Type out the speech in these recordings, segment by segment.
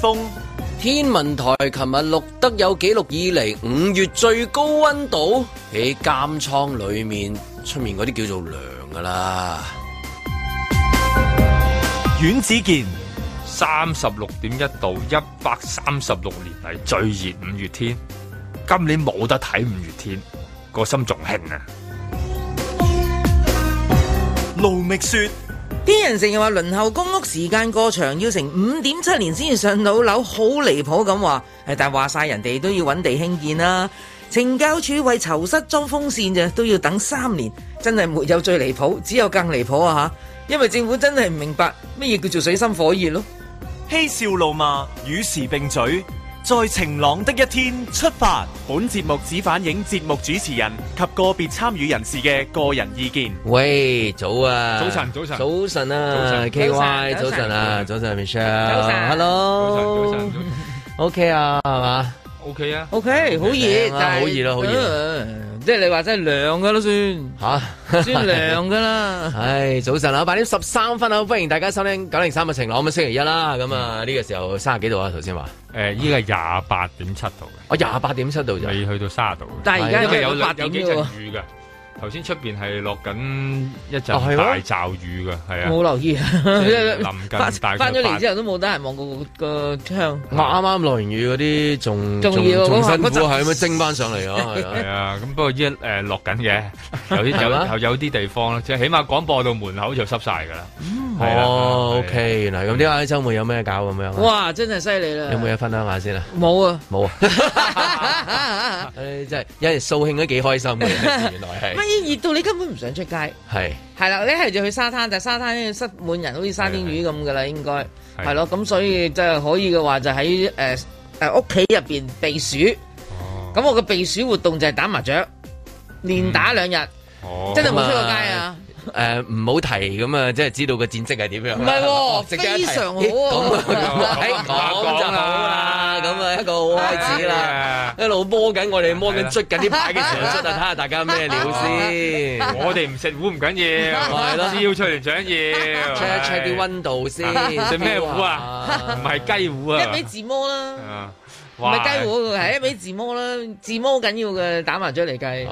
風天文台琴日錄得有紀錄以嚟五月最高温度喺監倉裏面，出面嗰啲叫做涼㗎喇。阮子健三十六點一度，一百三十六年嚟最熱五月天，今年冇得睇五月天，個心仲興啊！盧覓雪。啲人成日話輪候公屋時間過長，要成五點七年先至上到樓，好離譜咁話。誒，但係話晒人哋都要揾地興建啦。懲教處為囚室裝風扇啫，都要等三年，真係沒有最離譜，只有更離譜啊！吓，因為政府真係唔明白乜嘢叫做水深火熱咯。嬉笑怒罵與時並舉。在晴朗的一天出發，本節目只反映節目主持人及個別參與人士嘅個人意見。喂，早啊！早晨，早晨，早晨啊！早晨，K Y，早晨啊！早晨，Michelle，早晨，Hello，早晨，早晨，早晨，O K 啊，係嘛？O K 啊，O K 好熱，好熱咯，好熱，即係你話真係涼噶啦，算吓，算涼噶啦。唉，早晨啊，八點十三分啊，歡迎大家收聽九零三嘅晴朗，咁啊星期一啦，咁啊呢個時候卅幾度啊，頭先話，誒，依家係廿八點七度，我廿八點七度就未去到卅度，但係而家有八有幾陣雨嘅。頭先出邊係落緊一陣大驟雨噶，係啊，冇留意，臨近大，翻咗嚟之後都冇得閒望個個窗。啱啱落完雨嗰啲仲仲仲辛苦，係咁蒸翻上嚟啊！係啊，咁不過一誒落緊嘅，有啲有有啲地方咧，即係起碼廣播到門口就濕晒噶啦。哦，OK 嗱，咁呢排週末有咩搞咁樣？哇，真係犀利啦！有冇嘢分享下先啦，冇啊，冇啊！誒，真係一係掃興都幾開心嘅，原來係。熱到你根本唔想出街，係係啦，你係就去沙灘，但係沙灘已經塞滿人，好似沙甸魚咁噶啦，應該係咯。咁的所以即係可以嘅話就，就喺誒誒屋企入邊避暑。咁、啊、我嘅避暑活動就係打麻雀，連、嗯、打兩日，啊、真係冇出過街啊！啊誒，唔好提咁啊！即係知道個戰績係點樣？唔係，非常好。咁啊，咁啊，講就好啦。咁啊，一個好開始啦，一路摸緊，我哋摸緊，捽緊啲牌嘅時候捽啊，睇下大家咩料先。我哋唔食糊，唔緊要，係咯，只要出嚟搶要 check 一 check 啲温度先。食咩糊啊？唔係雞糊啊？一味自摸啦，唔係雞糊，係一味自摸啦。自摸好緊要嘅，打麻雀嚟計。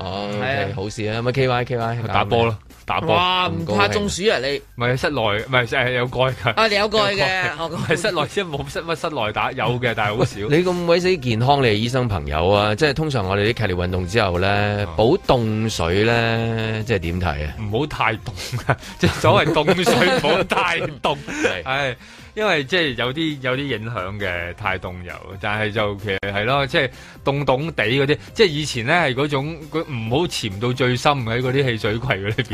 好事啊，咁咪，K Y K Y，打波啦。打哇！唔怕中暑啊，你唔係室內，唔係誒有蓋嘅。啊，你有蓋嘅，有蓋我咁係室內先冇室溫，室內打有嘅，但係好少。你咁鬼死健康，你係醫生朋友啊？即係通常我哋啲劇烈運動之後咧，補凍水咧，即係點睇啊？唔好太凍啊！即係所謂凍水，唔好 太凍。係。 哎因為即係有啲有啲影響嘅太凍油，但係就其實係咯，即係凍凍地嗰啲，即係以前咧係嗰種佢唔好潛到最深喺嗰啲汽水櫃裏邊，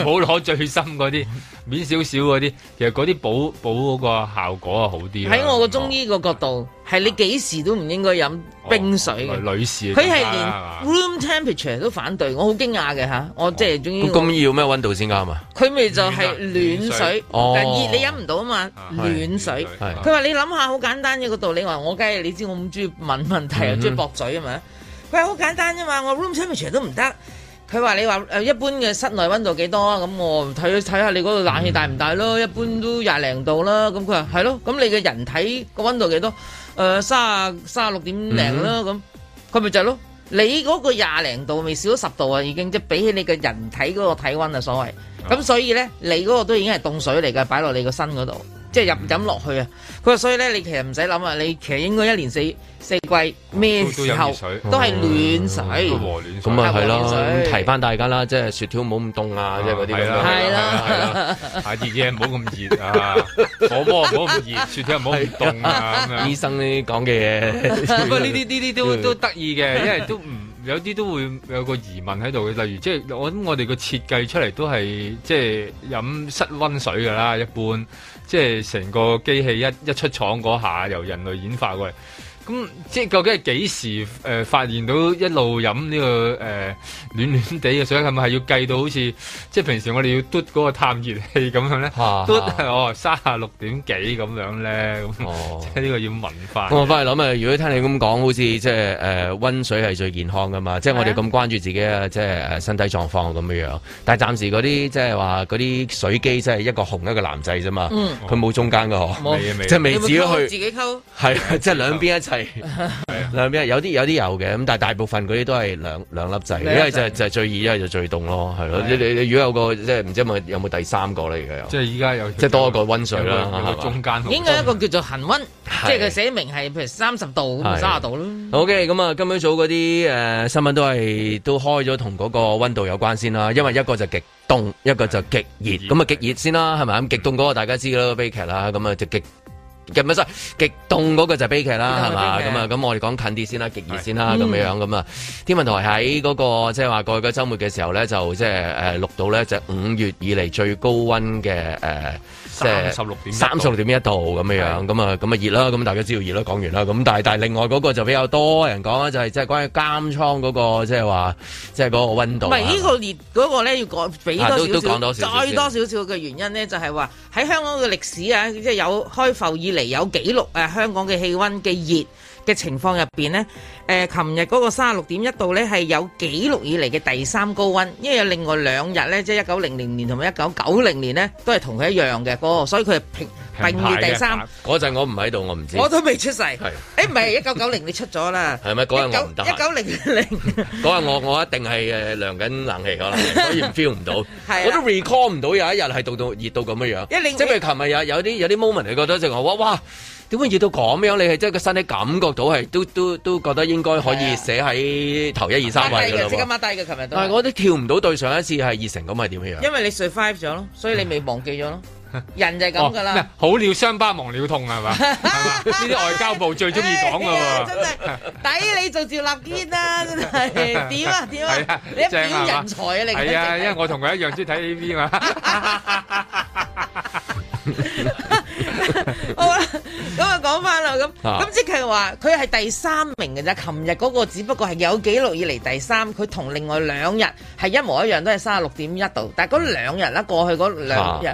唔好攞最深嗰啲，面少少嗰啲，其實嗰啲補補嗰個效果啊好啲。喺我個中醫個角度。 係你幾時都唔應該飲冰水嘅女士，佢係連 room temperature 都反對，我好驚訝嘅，吓，我即係中意。咁要咩溫度先啱啊？佢咪就係暖水，但係熱你飲唔到啊嘛？暖水，佢話你諗下好簡單嘅個道理。我話我梗係你知我咁中意問問題又中意駁嘴啊嘛？佢話好簡單啫嘛，我 room temperature 都唔得。佢話你話誒一般嘅室內溫度幾多咁？我睇睇下你嗰度冷氣大唔大咯？一般都廿零度啦。咁佢話係咯，咁你嘅人體個溫度幾多？誒，卅卅、呃、六點零啦咁，佢咪、mm hmm。就係咯。你嗰個廿零度，未少咗十度啊，已經即係比起你嘅人體嗰個體溫啊，所謂。咁、oh。所以咧，你嗰個都已經係凍水嚟㗎，擺落你個身嗰度。即係入飲落去啊！佢話所以咧，你其實唔使諗啊，你其實應該一年四四季咩時候都係暖水，咁啊係咯，提翻大家啦，即係雪條唔好咁凍啊，即係嗰啲係啦，係啦，係啦，太熱嘢唔好咁熱啊，火鍋唔好咁熱，雪條唔好咁凍啊，醫生呢講嘅嘢，不過呢啲呢啲都都得意嘅，因為都唔。有啲都會有個疑問喺度嘅，例如即係我諗我哋個設計出嚟都係即係飲室溫水㗎啦，一般即係成個機器一一出廠嗰下，由人類演化過嚟。咁、嗯、即係究竟係幾時誒、呃、發現到一路飲呢、這個誒、呃、暖暖哋嘅水係咪係要計到好似即係平時我哋要嘟嗰個探熱器咁樣咧？吓嘟哦三十六點幾咁樣咧？哦，嗯、哦即係呢個要聞法、哦。我翻去諗啊，如果聽你咁講，好似即係誒溫水係最健康噶嘛？即係我哋咁關注自己啊，即係誒身體狀況咁樣樣。但係暫時嗰啲即係話嗰啲水機即係一個紅一個藍掣啫嘛。佢冇、嗯哦、中間噶嗬。冇、哦，即係未自己去。自己溝。係，即係兩邊一。係，嗱咩？ 有啲有啲有嘅，咁但係大部分嗰啲都係兩兩粒掣，仔一係就是、就是、最熱，一係就是、最凍咯，係、就、咯、是。你你的如果有個即係唔知有冇第三個咧，而家有，即係依家有，即係多一個溫水啦，有個中間，應該有一個叫做恒溫，的即係佢寫明係譬如三十度、三十的度啦。OK，咁、嗯、啊，今朝早嗰啲誒新聞都係都開咗同嗰個溫度有關先啦，因為一個就極凍，一個就極熱，咁啊極熱先啦，係咪、嗯？咁極凍嗰個大家知、那個、劇啦，悲劇啦，咁啊就極。嘅咩先？極凍嗰個就悲劇啦，係嘛？咁吧啊，咁我哋講近啲先啦，極熱先啦，咁是樣樣咁啊。嗯、天文台喺嗰、那個即係話過去個週末嘅時候咧，就即係誒錄到咧，就五、是、月以嚟最高溫嘅誒。呃即係十六點，三十六點一度咁嘅是的 樣，咁啊，咁啊熱啦，咁大家知道熱啦，講完啦，咁但係但係另外嗰個就比較多人講啦，就係即係關於監倉嗰個，即係話即係嗰個温度。唔係呢個熱嗰個咧，要講俾多少少。再、啊、多少少嘅原因咧，就係話喺香港嘅歷史啊，即係有開埠以嚟有記錄啊，香港嘅氣温嘅熱。嘅情況入邊咧，誒，琴日嗰個卅六點一度咧係有紀錄以嚟嘅第三高温，因為有另外兩日咧，即係一九零零年同埋一九九零年咧，都係同佢一樣嘅，噃，所以佢係平並列第三。嗰陣我唔喺度，我唔知。我都未出世。係。誒，唔係一九九零你出咗啦。係咪嗰日我唔得？一九零零。嗰日我我一定係誒涼緊冷氣可能，所以 feel 唔到。係。我都 recall 唔到有一日係到到熱到咁嘅樣。一零。即係琴日有有啲有啲 moment 你覺得就話哇哇。點會熱到咁樣？你係即係個身體感覺到係都都都覺得應該可以寫喺頭一二三位噶啦。但係今日掹低嘅，琴日但係我都跳唔到對上一次係熱成咁，係點樣？因為你 survive 咗咯，所以你未忘記咗咯。人就係咁噶啦。好了傷疤忘了痛係嘛？係嘛？呢啲外交部最中意講噶喎。真係抵你做趙立堅啦！真係點啊點啊！你一表人才啊你？係啊，因為我同佢一樣中意睇 AV 嘛。咁啊，講翻啦，咁咁即係話佢係第三名嘅啫，琴日嗰個只不過係有紀錄以嚟第三，佢同另外兩日係一模一樣，都係三十六點一度。但係嗰兩日啦，過去嗰兩日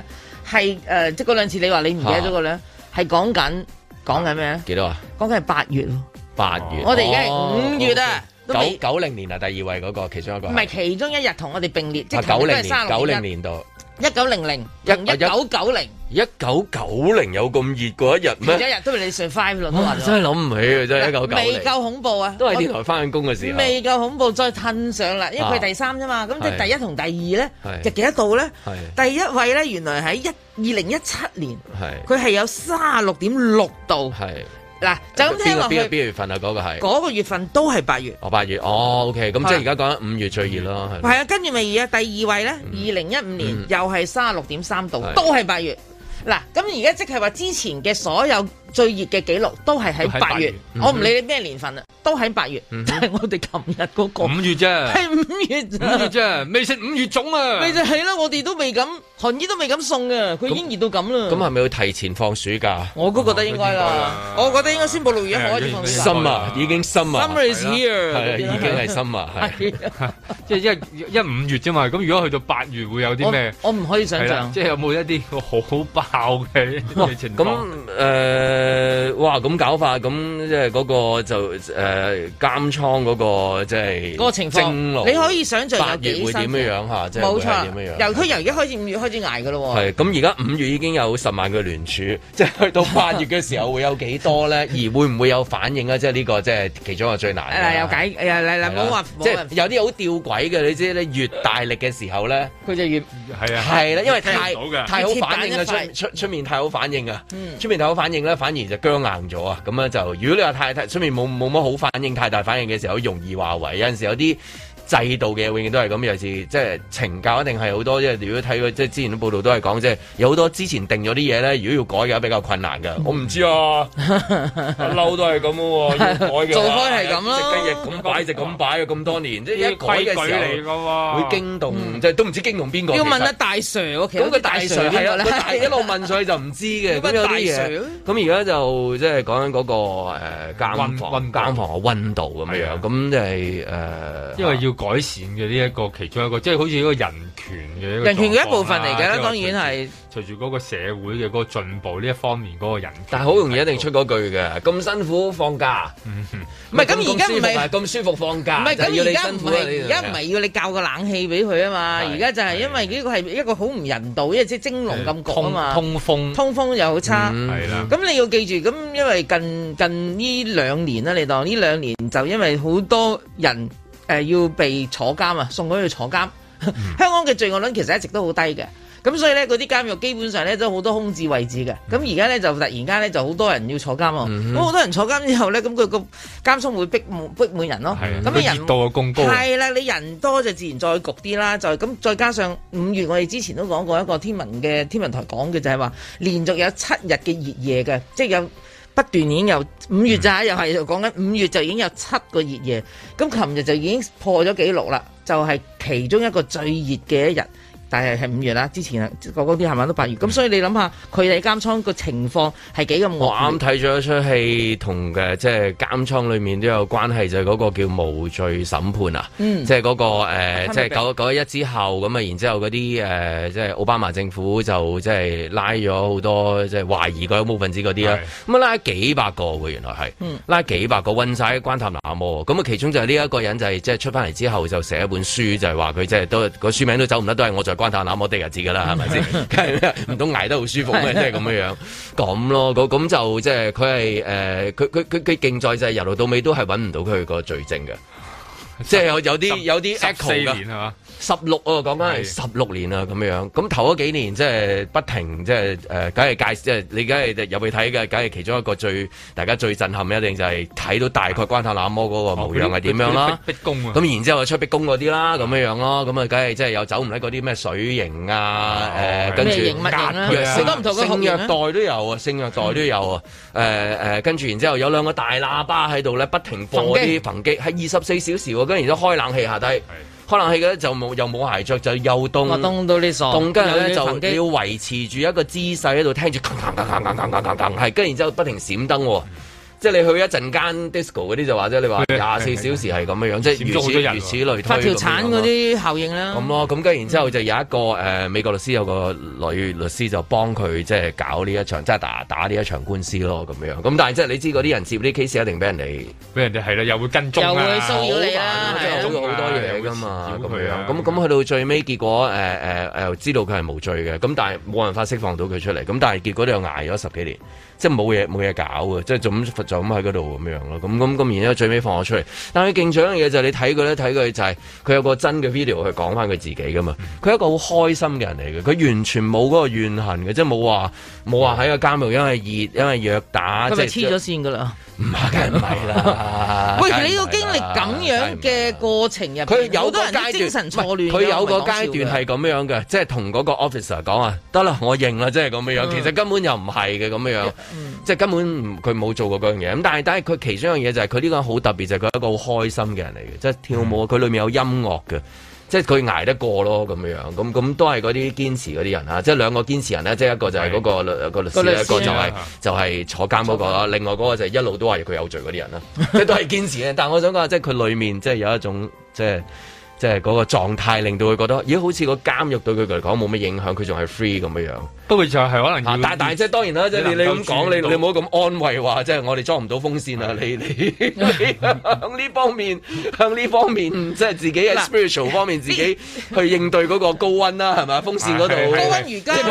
係誒，即係嗰兩次你話你唔記得咗個咧，係講緊講緊咩？幾多啊，講緊係八月咯，八月。我哋而家係五月啊，都未九九零年啊，第二位嗰個其中一個唔係其中一日同我哋並列，即係同都係三十六點一度。一九零零，一九九零，一九九零有咁熱過一日咩？佢一日都未你上 five 咯，真係諗唔起啊！真係一九九零未夠恐怖啊，都係電台翻工嘅時候，未夠恐怖再褪上啦，因為佢第三啫嘛，咁即係第一同第二咧，就幾多度咧？第一位咧，原來喺一二零一七年，佢係有卅六點六度。嗱，就咁聽話。邊個，個月份啊？嗰、嗰個係嗰個月份都係八月、哦、月。哦，八月哦，OK。咁即係而家講緊五月最熱咯，係的。係啊，跟住咪而家第二位咧，二零一五年又係卅六點三度，嗯、都係八月。嗱的，咁而家即係話之前嘅所有。最熱嘅紀錄都係喺八月，我唔理你咩年份啦，都喺八月。但係我哋琴日嗰個五月啫，係五月五月啫，未食五月粽啊？未食就係啦，我哋都未敢，寒衣都未敢送啊！佢已經熱到咁啦。咁係咪要提前放暑假？我都覺得應該啦，我覺得應該宣佈六月可以放。深啊，已經深啊。Summer is here，已經係深啊，係即係一一五月啫嘛。咁如果去到八月會有啲咩？我唔可以想象，即係有冇一啲好爆嘅情況。咁誒。誒，哇！咁搞法，咁即係嗰個就誒，監倉嗰個即係嗰個情況，你可以想象有八月會點樣吓？即係點樣由佢由一開始五月開始挨噶咯。係咁，而家五月已經有十萬個聯署，即係去到八月嘅時候會有幾多咧？而會唔會有反應啊？即係呢個即係其中一個最難。嗱，有解，嗱嗱，即係有啲好吊詭嘅，你知咧，越大力嘅時候咧，佢就越係啊，係啦，因為太太好反應啊，出出面太好反應啊，出面太好反應咧，反而就僵硬咗啊！咁樣就，如果你話太大，出面冇冇乜好反應，太大反應嘅時候，容易話為有陣時有啲。制度嘅永遠都係咁，尤其是即係懲教，一定係好多。即係如果睇佢即係之前啲報道都係講，即係有好多之前定咗啲嘢咧，如果要改嘅話比較困難㗎。我唔知啊，嬲都係咁嘅，要改。做開係咁咯，日咁擺就咁擺咁多年即係一改嘅時候會驚動，即係都唔知驚動邊個。要問阿大 Sir 屋企，嗰個大 Sir 係一路問上去就唔知嘅，咁樣啲嘢。咁而家就即係講緊嗰個誒監房，監房嘅溫度咁樣，咁即係誒，因為要。改善嘅呢一個其中一個，即係好似一個人權嘅人權嘅一部分嚟嘅啦。當然係隨住嗰個社會嘅嗰個進步呢一方面嗰個人，但係好容易一定出嗰句嘅咁辛苦放假，唔係咁而家唔係咁舒服放假，唔係咁而家唔係而家唔係要你教個冷氣俾佢啊嘛。而家就係因為呢個係一個好唔人道，因為即係蒸籠咁焗啊嘛，通風通風又好差，係啦。咁你要記住咁，因為近近呢兩年啦，你當呢兩年就因為好多人。誒、呃、要被坐監啊，送佢去坐監。 香港嘅罪惡率其實一直都好低嘅，咁所以咧，嗰啲監獄基本上咧都好多空置位置嘅。咁而家咧就突然間咧就好多人要坐監喎，咁好、嗯、哼多人坐監之後咧，咁佢個監倉會逼滿逼滿人咯。咁你的人熱度嘅更高係啦，你人多就自然再焗啲啦。就係咁，再加上五月我哋之前都講過一個天文嘅天文台講嘅就係話，連續有七日嘅熱夜嘅，即係有。不斷演又五月咋、啊，又係講緊五月就已經有七個熱夜，咁琴日就已經破咗紀錄啦，就係、是、其中一個最熱嘅一日。但係係五月啦，之前啊，啲係咪都八月？咁所以你諗下，佢哋監倉個情況係幾咁我啱睇咗一出戲，同誒即係監倉裡面都有關係，就係、是、嗰個叫無罪審判啊！即係嗰個誒，即係九九一之後咁啊，然之後嗰啲誒，即、呃、係、就是、奧巴馬政府就即係拉咗好多即係、就是、懷疑恐怖分子嗰啲啦。咁啊是，拉幾百個嘅原來係，拉、嗯、幾百個揾曬關,關塔納摩啊！咁啊，其中就係呢一個人就係即係出翻嚟之後就寫一本書，就係話佢即係都個書名都走唔甩，都係我關塔那摩的日子噶啦，係咪先？唔 通捱得好舒服咩？ 即係咁樣樣，咁、呃、咯，咁就即係佢係，誒，佢佢佢佢競賽就係由頭到尾都係揾唔到佢個罪證嘅，十即係有十有啲有啲 echo 噶。十六啊，講緊係十六年啊，咁樣。咁、嗯嗯、頭嗰幾年即係不停，即係誒，梗係介，即係你梗係入去睇嘅，梗係其中一個最大家最震撼，一定就係睇到大概關塔那摩嗰個模樣係點樣啦。逼逼宮啊！咁然之後出逼宮嗰啲啦，咁樣樣咯。咁啊，梗係即係有走唔甩嗰啲咩水型啊，誒、嗯嗯呃，跟住性虐待都有啊，性虐待都有啊。誒、嗯、誒、嗯嗯，跟住然之後有兩個大喇叭喺度咧，不停放嗰啲抨擊，係二十四小時喎。跟住都開冷氣下低。可能係嘅，就冇又冇鞋着，就又凍，凍到你傻，凍跟住咧就要維持住一個姿勢喺度聽住，噔，係跟住然之後不停閃燈。即係你去一陣間 disco 嗰啲就話啫，你話廿四小時係咁嘅樣，即係如此、啊、如此類推。發條橙嗰啲效應啦。咁咯，咁跟然之後就有一個誒、嗯呃、美國律師有個女律師就幫佢即係搞呢一場，即係打打呢一場官司咯咁樣。咁但係即係你知嗰啲人接啲 case 一定俾人哋，俾人哋係啦，又會跟蹤啊，好啊，騷擾你，好多嘢㗎嘛。咁去啊，咁去到最尾結果誒誒誒知道佢係無罪嘅，咁但係冇辦法釋放到佢出嚟。咁但係結果你又挨咗十幾年。即係冇嘢冇嘢搞嘅，即係就咁就咁咁喺嗰度咁樣咯。咁咁咁，然之後最尾放咗出嚟。但係勁一樣嘢就係你睇佢咧，睇佢就係佢有個真嘅 video 去講翻佢自己噶嘛。佢、嗯、一個好開心嘅人嚟嘅，佢完全冇嗰個怨恨嘅，即係冇話冇話喺個監獄因為熱因為虐打。佢咪黐咗線㗎啦！即即唔係梗係唔係啦！ 喂，如你要經歷咁樣嘅過程入邊，佢有好多人精神錯亂，佢有個階段係咁是樣嘅，即係同嗰個 officer 講啊，得啦，我認啦，即係咁樣。其實根本又唔係嘅咁樣，嗯、即係根本佢冇做過嗰樣嘢。咁但係但係佢其中一樣嘢就係佢呢個人好特別，就係、是、佢係一個好開心嘅人嚟嘅，即、就、係、是、跳舞佢、嗯、裏面有音樂嘅。即係佢捱得過咯，咁樣樣，咁咁都係嗰啲堅持嗰啲人啊！即係兩個堅持人咧，即係一個就係嗰個律個的律師，一個就係、是、就係、是、坐監嗰、嗰個啦。牢另外嗰個就係一路都話佢有罪嗰啲人啦， 即係都係堅持嘅。但係我想講啊，即係佢裡面即係有一種即係。 即係嗰個狀態，令到佢覺得，咦？好似個監獄對佢嚟講冇咩影響，佢仲係 free 咁樣樣。不過就係可能，但但即係當然啦，即你你咁講，你你唔好咁安慰話，即係我哋裝唔到風扇啊！你你向呢方面向呢方面，即係自己 spiritual 方面自己去應對嗰個高溫啦，係咪？風扇嗰度高溫瑜伽啊，即係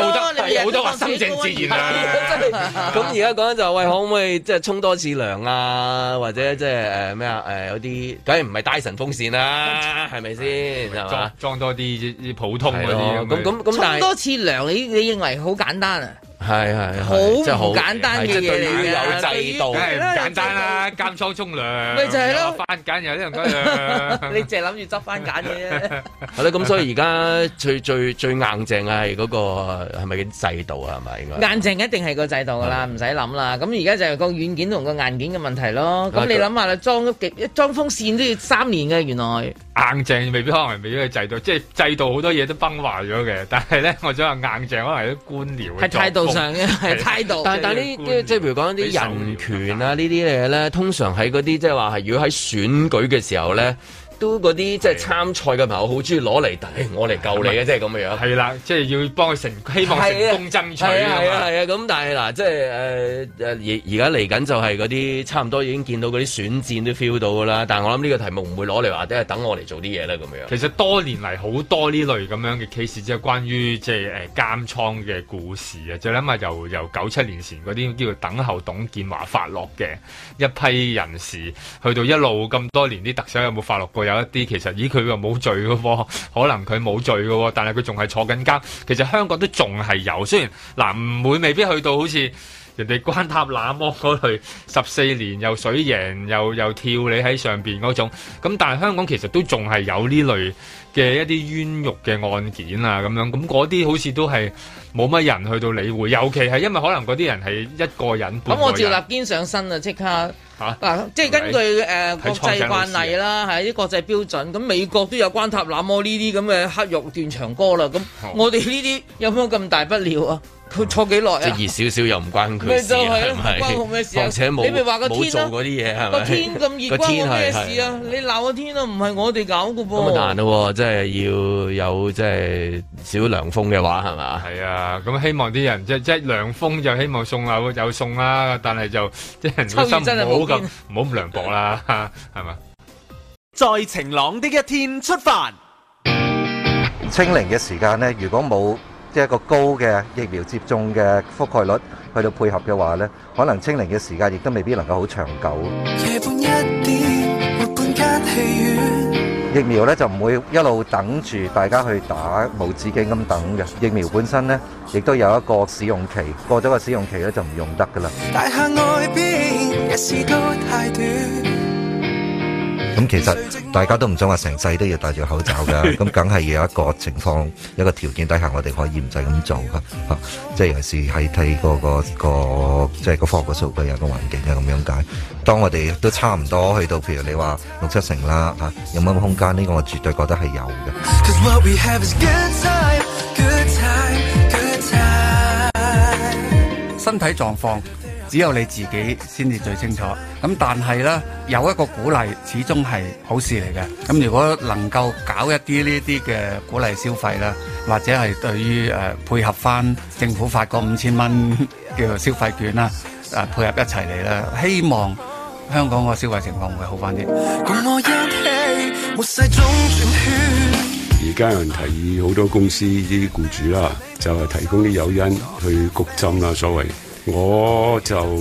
冇得，係話心靜自然咁而家講就喂，可唔可以即係沖多次涼啊？或者即係誒咩啊？誒有啲梗係唔係 Dyson 風扇啦？係咪？先係嘛，裝裝多啲啲普通嗰啲咁，咁咁咁，多次糧，你你認為好簡單啊？係係好簡單嘅嘢嚟，要有制度，梗係簡單啦，監倉沖涼，咪就係咯，番梘又啲人沖涼，你淨諗住執番梘啫。係咯，咁所以而家最最最硬正嘅係嗰個係咪制度啊？係咪硬正一定係個制度噶啦，唔使諗啦。咁而家就係個軟件同個硬件嘅問題咯。咁你諗下啦，裝極一裝風扇都要三年嘅，原來硬正未必可能未必係制度，即係制度好多嘢都崩壞咗嘅。但係咧，我想話硬正可能係啲官僚喺態度係態度，但係但係呢啲即係譬如講啲人權啊呢啲嘢咧，通常喺嗰啲即係話係如果喺選舉嘅時候咧。 都嗰啲即係參賽嘅朋友好中意攞嚟抵我嚟、哎、救你嘅，即係咁樣樣，係啦，即係要幫佢成希望成功爭取。係啊，係啊，咁但係嗱，即係誒誒而而家嚟緊就係嗰啲差唔多已經見到嗰啲選戰都 feel 到㗎啦。但係我諗呢個題目唔會攞嚟話，即係等我嚟做啲嘢啦咁樣樣，其實多年嚟好多呢類咁樣嘅 case，即係關於即係誒監倉嘅故事啊。最起碼由由九七年前嗰啲叫做等候董建華發落嘅一批人士，去到一路咁多年，啲特首有冇發落過？有一啲其實咦佢又冇罪㗎喎，可能佢冇罪㗎喎，但係佢仲係坐緊監。其實香港都仲係有，雖然嗱唔會未必去到好似人哋關塔那摩嗰類十四年又水刑又又跳你喺上邊嗰種。咁但係香港其實都仲係有呢類嘅一啲冤獄嘅案件啊咁樣。咁嗰啲好似都係冇乜人去到理會，尤其係因為可能嗰啲人係一個人。咁我趙立堅上身啊，即刻。啊！哈即係根據誒國際慣例啦，係啲國際標準，咁美國都有關塔那摩呢啲咁嘅黑獄斷腸歌啦，咁我哋呢啲有冇咁大不了啊？佢坐幾耐啊！即熱少少又唔關佢事，係咪？況且冇冇做嗰啲嘢，係咪？個天咁熱關我咩事啊？你鬧個天啊，唔係我哋搞㗎噃。咁啊難咯，即係要有即係少涼風嘅話，係嘛？係啊，咁希望啲人即係即係涼風就希望送啊，有送啦，但係就即係人心唔好咁唔好咁涼薄啦，係嘛？在晴朗的一天出發，清零嘅時間呢，如果冇。一個高嘅疫苗接種嘅覆蓋率，去到配合嘅話呢，可能清零嘅時間亦都未必能夠好長久。疫苗呢就唔會一路等住大家去打，無止境咁等嘅。疫苗本身呢，亦都有一個使用期，過咗個使用期咧就唔用得噶啦。咁、嗯、其實大家都唔想話成世都要戴住口罩㗎，咁梗係要有一個情況、一個條件底下，我哋可以唔使咁做噶嚇，即係尤其係睇嗰個即係、嗰個嗰個即係、個科學個數據、有個環境啊咁樣解。當我哋都差唔多去到，譬如你話六七成啦嚇，有、啊、冇空間？呢、呢個我絕對覺得係有嘅。身體狀況。只有你自己先至最清楚。咁但係咧，有一個鼓勵始終係好事嚟嘅。咁如果能夠搞一啲呢啲嘅鼓勵消費啦，或者係對於誒配合翻政府發個五千蚊嘅消費券啦，誒配合一齊嚟啦，希望香港個消費情況會好翻啲。而家有人提議好多公司啲僱主啦，就係提供啲誘因去谷針啦，所謂。我就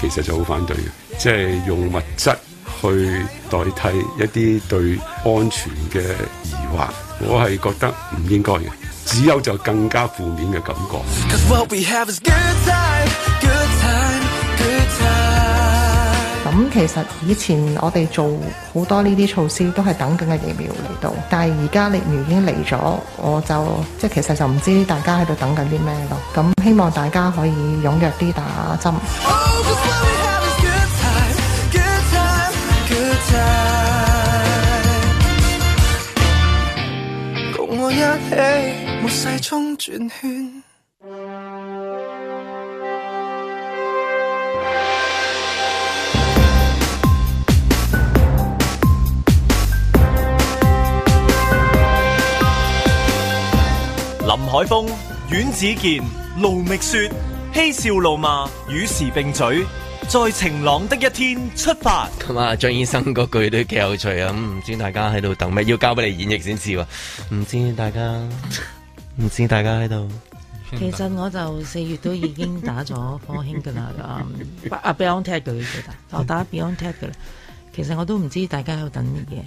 其實就好反對嘅，即係用物質去代替一啲對安全嘅疑惑，我係覺得唔應該嘅，只有就更加負面嘅感覺。咁其實以前我哋做好多呢啲措施都係等緊嘅疫苗嚟到，但係而家疫苗已經嚟咗，我就即係其實就唔知大家喺度等緊啲咩咯。咁希望大家可以踴躍啲打針。Oh, 海峰、阮子健、盧覓雪、嬉笑怒罵，與時並舉。在晴朗的一天出發。咁啊，張醫生嗰句都幾有趣啊！唔知大家喺度等咩？要交俾你演繹先至喎。唔知大家，唔 知大家喺度。其實我就四月都已經打咗科興噶啦、 嗯，啊啊 Beyond Tech 嘅要打，我打 Beyond Tech 噶啦。其實我都唔知大家喺度等乜嘢。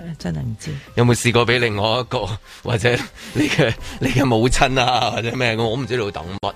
係真係唔知有冇試過俾另外一個或者你嘅 你嘅母親啊或者咩，我唔知喺度等乜，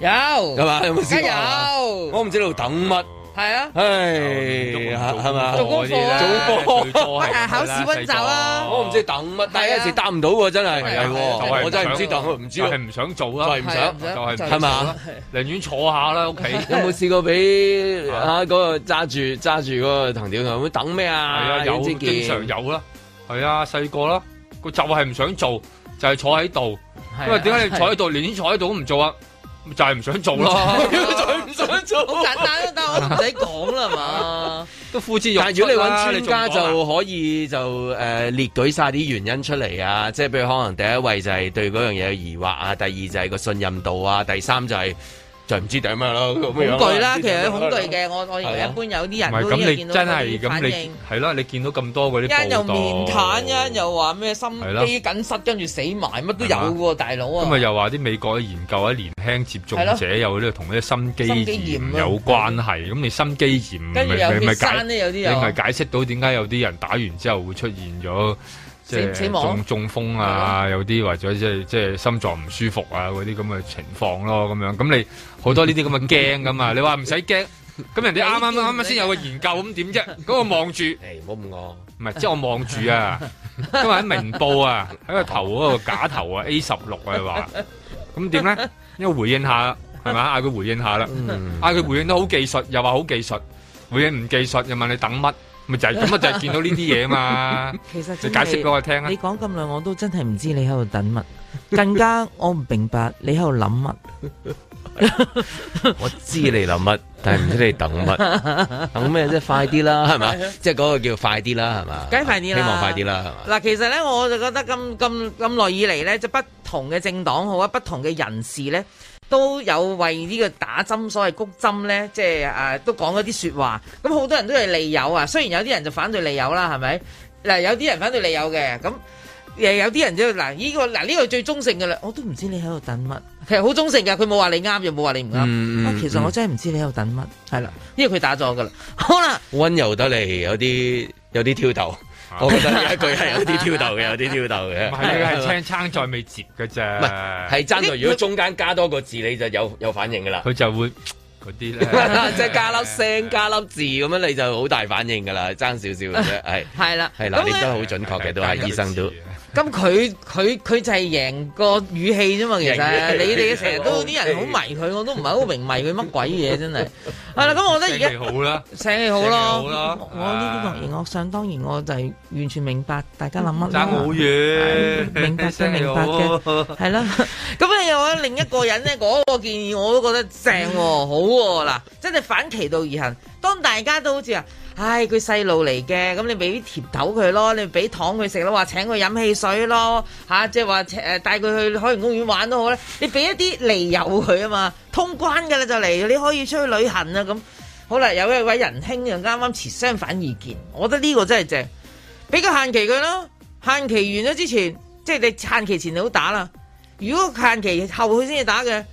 有係嘛，有冇試過，有我唔知喺度等乜。係啊，係，係嘛，做功課啦，做功課，喂，考試溫習啦，我唔知等乜，但係有時答唔到喎，真係，係，就係我真係唔知等，唔知，係唔想做啦，就係唔想，就係，係嘛，寧願坐下啦屋企，有冇試過俾啊嗰個揸住揸住嗰個藤條咁？等咩啊？有，經常有啦，係啊，細個啦，佢就係唔想做，就係坐喺度，因為點解你坐喺度，連坐喺度都唔做啊？就係唔想做咯，啊、 就係唔想做，好簡單啊！但係 我唔使講啦嘛，個付之。但如果你揾專家 就可以就誒、呃、列舉晒啲原因出嚟啊，即係譬如可能第一位就係對嗰樣嘢有疑惑啊，第二就係個信任度啊，第三就係、係。就唔知定乜咯，恐懼啦、啊，其實係恐懼嘅、啊。我我認為一般有啲人都見、啊、到反應係咯，你見到咁多嗰啲報導，又面癱，一又話咩心肌梗塞，跟住死埋，乜都有喎，大佬啊！咁啊，又話啲美國研究喺年輕接種者吧有啲同咩心肌炎有關係，咁、啊、你心肌炎咪咪解，另外解釋到點解有啲人打完之後會出現咗，即中中風啊，有啲或者即係即係心臟唔舒服啊，嗰啲咁嘅情況咯，咁樣咁你好多呢啲咁嘅驚咁嘛。 你話唔使驚，咁人哋啱啱啱啱先有個研究咁點啫？咁我望住，誒唔好唔係即係我望住啊！ 今日喺明報啊，喺個頭嗰個假頭啊 A 十六啊話，咁點咧？因為回應下，係咪？嗌佢回應下啦，嗌佢 回應都好技術，又話好技術，回應唔技術又問你等乜？咪就係咁啊！就係、是，見到呢啲嘢啊嘛。 其實你解釋俾我聽啊！你講咁耐，我都真係唔知你喺度等乜，更加我唔明白你喺度諗乜。 我知你諗乜，但係唔知你等乜，等咩即啫？快啲啦，係咪？即係嗰個叫快啲啦，係嘛？梗係快啲啦，希望快啲啦，係嘛？嗱，其實咧，我就覺得咁咁咁耐以嚟咧，即係不同嘅政黨好啊，不同嘅人士咧。都有為呢個打針所謂谷針咧，即係誒、啊，都講咗啲說話。咁好多人都係利友啊，雖然有啲人就反對利友啦，係咪？嗱，有啲人反對利友嘅，咁誒有啲人就係嗱，呢、啊這個嗱呢、啊這個最中性噶啦，我都唔知你喺度等乜。其實好中性噶，佢冇話你啱又冇話你唔啱。嗯嗯、其實我真係唔知你喺度等乜。係啦、嗯，因為佢打咗噶啦。好啦，溫柔得嚟，有啲有啲挑逗。我覺得有一句係有啲挑逗嘅，有啲挑逗嘅。唔係，佢係爭爭在未接嘅啫。唔係，係爭到，如果中間加多個字，你就有有反應嘅啦。佢就會嗰啲咧，即係加粒聲、加粒字咁樣，你就好大反應嘅啦。爭少少嘅啫，係。係啦，係啦，你都好準確嘅。都係醫生都。咁佢佢佢就係贏個語氣啫嘛，其實你哋成日都有啲人好迷佢，我都唔係好明迷佢乜鬼嘢，真係。係啦，咁我覺得而家正氣好啦，正氣好咯。我呢啲當然，我想當然，我就係完全明白大家諗乜。爭好遠，明白，明白嘅，係啦。咁你又話另一個人咧，嗰個建議我都覺得正，好嗱，真係反其道而行。當大家都好似啊。唉，佢細路嚟嘅，咁你俾啲甜頭佢咯，你俾糖佢食咯，話請佢飲汽水咯，嚇、啊，即係話誒帶佢去海洋公園玩都好啦，你俾一啲利誘佢啊嘛，通關嘅啦就嚟，你可以出去旅行啊咁。好啦，有一位仁兄就啱啱持相反意見，我覺得呢個真係正，俾個限期佢咯，限期完咗之前，即係你限期前你好打啦。如果限期後佢先至打嘅，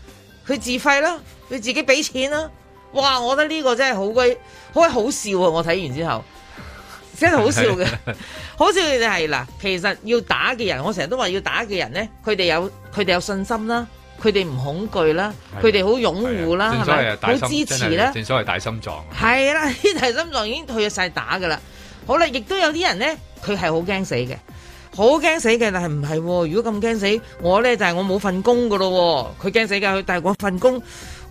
佢自費啦，佢自己俾錢啦。哇！我覺得呢個真係好鬼好鬼好笑啊！我睇完之後真係好笑嘅， 好笑嘅就係嗱，其實要打嘅人，我成日都話要打嘅人咧，佢哋有佢哋有信心啦，佢哋唔恐懼啦，佢哋好擁護啦，係咪的？好支持啦，正所謂大心臟。係啦，啲大心臟已經退咗晒打㗎啦。好啦，亦都有啲人咧，佢係好驚死嘅，好驚死嘅，但係唔係？如果咁驚死，我咧就係、是、我冇份工㗎咯。佢驚死㗎，佢但係我份工，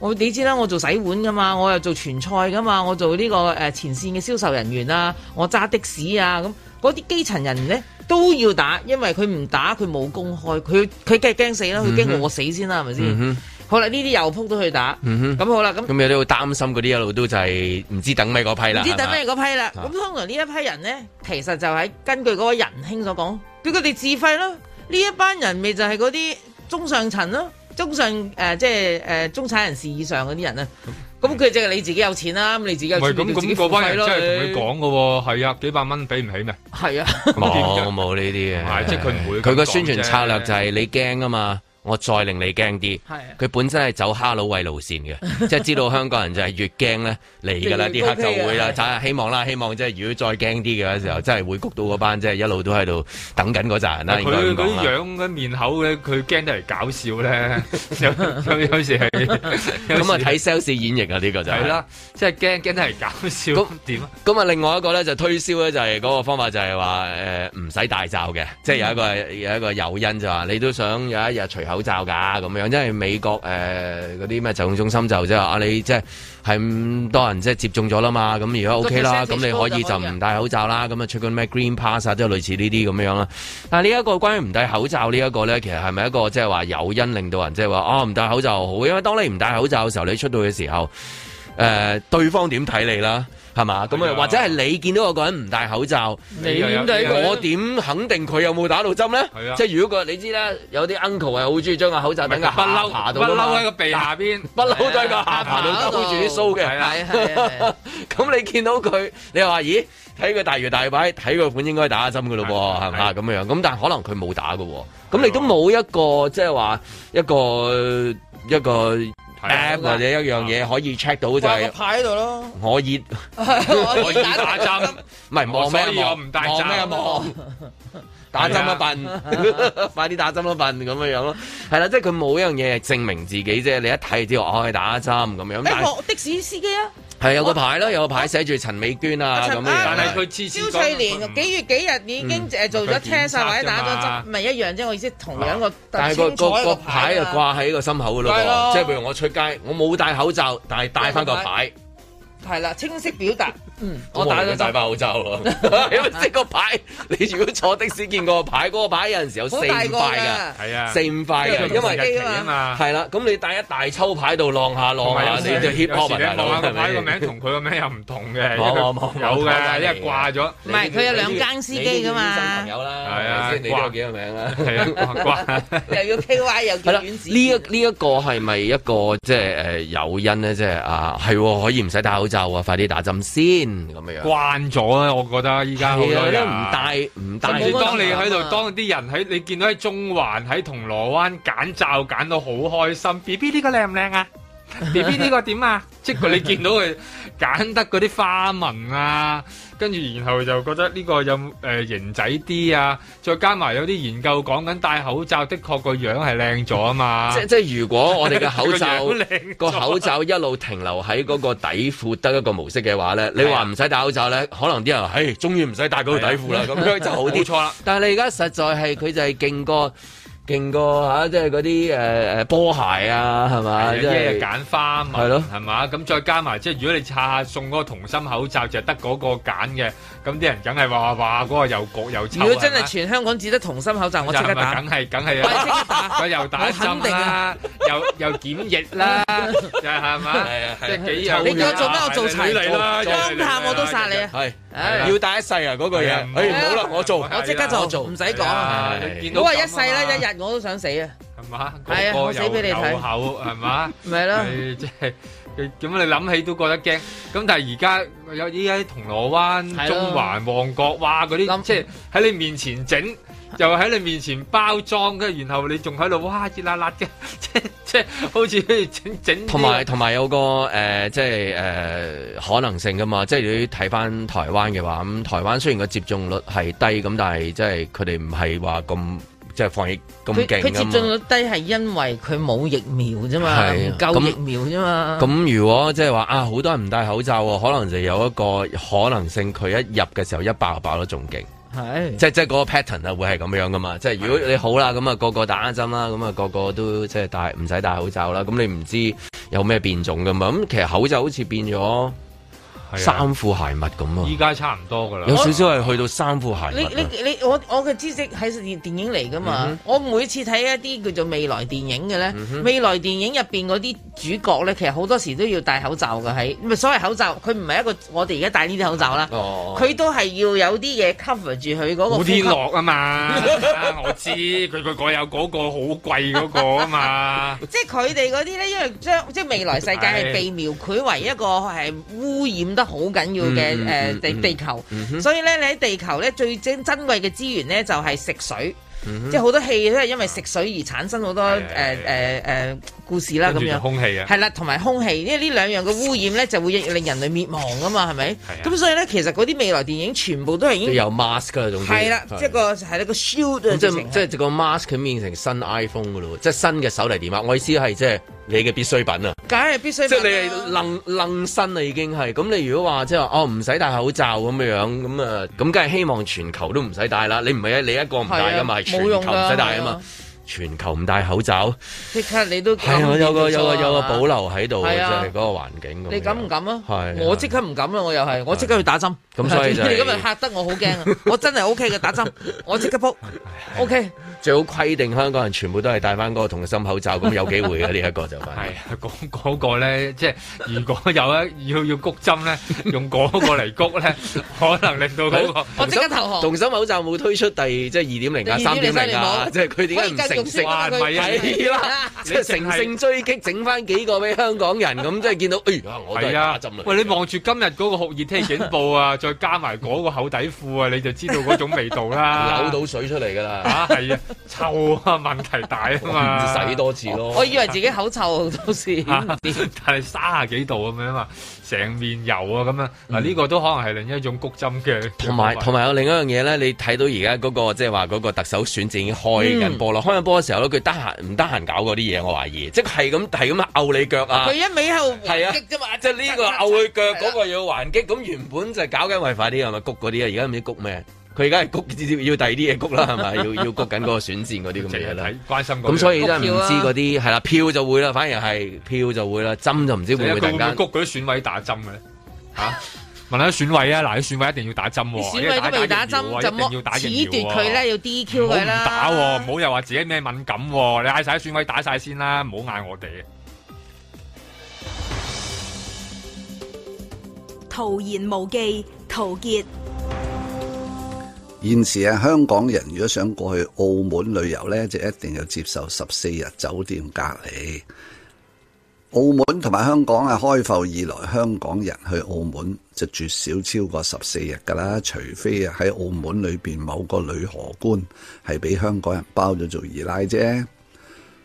我你知啦，我做洗碗噶嘛，我又做傳菜噶嘛，我做呢個誒前線嘅銷售人員啊，我揸的士啊咁，嗰啲基層人咧都要打，因為佢唔打佢冇工開，佢佢梗係驚死啦，佢驚我死先啦，係咪先？好啦，呢啲又撲到去打，咁、嗯、哼好啦，咁咁咪都擔心嗰啲一路都就係唔知等咩嗰批啦，唔知等咩嗰批啦。咁吧通常呢一批人咧，其實就係根據嗰位仁兄所講，叫佢哋自費咯，呢一班人咪就係嗰啲中上層咯。中上誒、呃，即係誒、呃、中產人士以上嗰啲人咧，咁佢、嗯、就係你自己有錢啦，咁、嗯、你自己有錢咁、嗯、自己負起咯。唔係真係同佢講嘅喎，係、哎、啊，幾百蚊俾唔起咩？係啊，冇冇呢啲嘢，即係佢唔會。佢個宣傳策略就係你驚啊嘛。我再令你驚啲，佢本身係走哈佬喂路線嘅，即係知道香港人就係越驚咧嚟㗎啦，啲黑就會啦。就係希望啦，希望即係如果再驚啲嘅時候，真係會焗到嗰班，即係一路都喺度等緊嗰陣啦。佢佢樣嘅面口咧，佢驚得嚟搞笑咧，有有時係咁啊！睇 sales 演繹啊，呢個就係啦，即係驚驚得嚟搞笑。咁點？咁啊，另外一個咧就推銷咧就係嗰個方法就係話誒唔使大罩嘅，即係有一個有一個誘因就話你都想有一日除下，口罩噶咁樣，因為美國誒嗰啲咩疾控中心就即係話啊，你即係係咁多人即係接種咗啦嘛，咁如果 OK 啦，咁、啊、你可以就唔戴口罩啦，咁啊出嗰啲咩 Green Pass 即係類似呢啲咁樣啦。但係呢一個關於唔戴口罩呢、嗯、一個咧，其實係咪一個即係話誘因令到人即係話哦唔戴口罩好，因為當你唔戴口罩嘅時候，你出到嘅時候誒、呃、對方點睇你啦？係嘛？咁啊，或者係你見到我個人唔戴口罩，你點睇？我點肯定佢有冇打到針咧？即係如果個你知咧，有啲 uncle 係好中意將個口罩等個不嬲，不嬲喺個鼻下邊，不嬲都喺個下巴度攰住啲須嘅。咁你見到佢，你話咦？睇佢大搖大擺，睇佢款應該打針㗎咯噃，係咪啊？咁樣咁，但係可能佢冇打㗎喎。咁你都冇一個即係話一個一個。或者一樣嘢可以 check 到就係派喺度咯，我熱，我熱打針，唔係望咩望，唔打針啊也笨， 快啲打針咯笨，咁樣樣咯，係啦，即係佢冇一樣嘢係證明自己啫，你一睇就知我係打針咁樣。誒，我的士司機啊！係有個牌咯，有個牌寫住陳美娟啊咁樣，但係佢次次都，肖翠蓮幾月幾日已經誒做咗 test 或者打咗針，唔係一樣啫。我意思同樣個，但係個個牌就掛喺個心口噶，即係譬如我出街，我冇戴口罩，但係戴翻個牌。係啦，清晰表達。嗯，我帶咗大包口罩喎，即個牌。你如果坐的士見過個牌，嗰個牌有陣時有四五塊噶，係啊，四五塊嘅，因為司機啊嘛。係啦，咁你帶一大抽牌度浪下浪下，你就 hit problem 啦。有冇啊？個牌個名同佢個名又唔同嘅，冇冇冇，有嘅，但係掛咗。唔係，佢有兩間司機噶嘛。朋友啦。係啊，掛幾個名啊？係啊，掛。又要 KY 又叫丸子。係啦，呢一呢一個係咪一個即係誒誘因咧？即係啊，係可以唔使戴口罩。就啊！快啲打針先咁樣。慣咗啦，我覺得依家好耐都唔帶唔帶。甚至當你喺度，啊、當啲人喺你見到喺中環、喺銅鑼灣揀罩揀到好開心。BB 呢個靚唔靚啊？B B 呢個點啊？即係你見到佢揀得嗰啲花紋啊，跟住然後就覺得呢個有誒、呃、型仔啲啊，再加埋有啲研究講緊戴口罩的確個樣係靚咗啊嘛。 即即係如果我哋嘅口罩個 口罩一路停留喺嗰個底褲得一個模式嘅話呢， 你話唔使戴口罩呢，可能啲人話唉終於唔使戴嗰個底褲啦，咁 樣就好啲。冇錯啦，但係你而家實在係佢就係勁過。勁過吓，即係嗰啲誒誒波鞋啊，係嘛，即係揀花嘛，係咯，係嘛，咁再加埋，即係如果你拆下送嗰個同心口罩，就得嗰個揀嘅，咁啲人梗係話話話嗰個又焗又臭。如果真係全香港只得同心口罩，我即刻打，梗係梗係啊，即刻打，咁又打針啊，肯定啊，又又檢疫啦，係嘛，即係幾又？你夠做咩？我做齊，你嚟啦，唔喊我都殺你啊！係要戴一世啊，嗰個嘢，誒，唔好啦，我做，我即刻就做，唔使講，唔好話一世啦，一日。我都想死啊！係嘛，係啊我死俾你睇口係嘛，咪係咯，即係咁你諗起都覺得驚。咁但係而家有啲喺銅鑼灣、中環、旺角，哇！嗰啲即係喺你面前整，又喺你面前包裝，跟住然後你仲喺度哇熱辣辣嘅，即係即係好似整整同埋同埋有個誒，即係誒可能性噶嘛。即係你睇翻台灣嘅話，咁台灣雖然個接種率係低，咁但係即係佢哋唔係話咁。即係防疫咁勁，佢佢接種率低係因為佢冇疫苗啫嘛，唔是夠疫苗啫嘛。咁如果即係話啊，好多人唔戴口罩啊，可能就有一個可能性，佢一入嘅時候一爆爆得仲勁。係是，即即嗰個 pattern 啊，會係咁樣噶嘛。即係如果你好啦，咁、那、啊個個打一針啦，咁、那、啊個個都即係戴唔使戴口罩啦。咁你唔知有咩變種噶嘛？咁其實口罩好似變咗。衫褲鞋襪咁咯，依家差唔多噶啦，有少少係去到衫褲鞋。你你你，我我嘅知識係電影嚟噶嘛？嗯、哼我每次睇一啲叫做未來電影嘅咧，嗯、哼未來電影入邊嗰啲主角咧，其實好多時都要戴口罩嘅喺。咪所謂口罩，佢唔係一個我哋而家戴呢啲口罩啦。佢、嗯、哼都係要有啲嘢 cover 住佢嗰個。古天樂啊嘛， 我知佢佢有嗰個好貴嗰個啊嘛。 即係佢哋嗰啲咧，因為將即係未來世界係被描繪為一個係污染得，好緊要嘅，誒地，地球，所以咧你喺地球咧最精珍貴嘅資源咧就係食水，即係好多戲都係因為食水而產生好多誒誒誒故事啦，咁樣。空氣啊，係啦，同埋空氣，因為呢兩樣嘅污染咧就會令人類滅亡㗎嘛，係咪？咁所以咧，其實嗰啲未來電影全部都係已經有 mask 啦，總之係啦，即係個係一個即係即係個 mask 變成新 iPhone 噶咯，即係新嘅手提電話。我意思係即係。你嘅必需品啊，梗係必需、啊、即係你係愣愣身啦，已經係。咁你如果話即係話哦唔使戴口罩咁樣樣，咁啊咁梗係希望全球都唔使戴啦。你唔係你一個唔戴噶嘛，係、啊、全球唔使戴啊嘛。全球唔戴口罩，即刻你都係啊有個有個有個保留喺度，即係嗰個環境。你敢唔敢啊？我即刻唔敢啊，我又係，我即刻去打針。咁所以就你今日嚇得我好驚啊！我真係 O K 嘅打針，我即刻 book。OK，最好規定香港人全部都係戴翻嗰個同心口罩，咁有機會啊，呢一個就係。係嗰嗰個咧，即係如果有一，要要谷針咧，用嗰個嚟谷咧，可能令到嗰個我即刻投降。同心口罩冇推出第即係二點零啊，三點零啊，即係佢點解唔食？唔係 啊！即係乘勝追擊，整翻幾個俾香港人咁，即係 見到誒、哎，我都嚇浸啦！喂、啊、你望住今日嗰個酷熱天氣警報啊， 再加埋嗰個厚底褲啊，你就知道嗰種味道啦、啊！扭 到水出嚟噶啦，嚇 係啊，啊，臭啊問題大啊嘛！洗 多次咯， 我以為自己口臭好多時， 但係三十啊幾度咁樣嘛。 成面油啊咁樣！嗱、這、呢個都可能係另一種谷針嘅。同埋同埋有另一樣嘢咧，你睇到而家嗰個即係話嗰個特首選戰已經開緊波咯。開緊波嘅時候咧，佢得閒唔得閒搞嗰啲嘢，我懷疑即係咁係咁嚕勾你腳啊！佢、啊、一味後回擊啫嘛，啊啊、即係呢、這個勾佢、呃啊、腳，嗰個要還擊。咁原本就係搞緊違法啲，係咪谷嗰啲啊？而家唔知谷咩？佢而家係谷，要第二啲嘢谷啦，係咪？要要谷緊嗰個選戰嗰啲咁嘅嘢啦。咁所以都係唔知嗰啲係啦，票就會啦，反而係票就會啦，針就唔知會唔會谷。谷嗰啲選委打針嘅，吓？問下選委啊，嗱，啲選委一定要打針，選委都要打針，一定要打疫苗。斷佢咧要 DQ 噶，唔好打，唔好又話自己咩敏感，你嗌晒啲選委打晒先啦，唔好嗌我哋。陶言無忌，陶傑。現時啊，香港人如果想過去澳門旅遊呢，就一定要接受十四日酒店隔離。澳門同埋香港啊，開埠以來，香港人去澳門就絕少超過十四日噶啦，除非啊喺澳門裏邊某個女荷官係俾香港人包咗做二奶啫。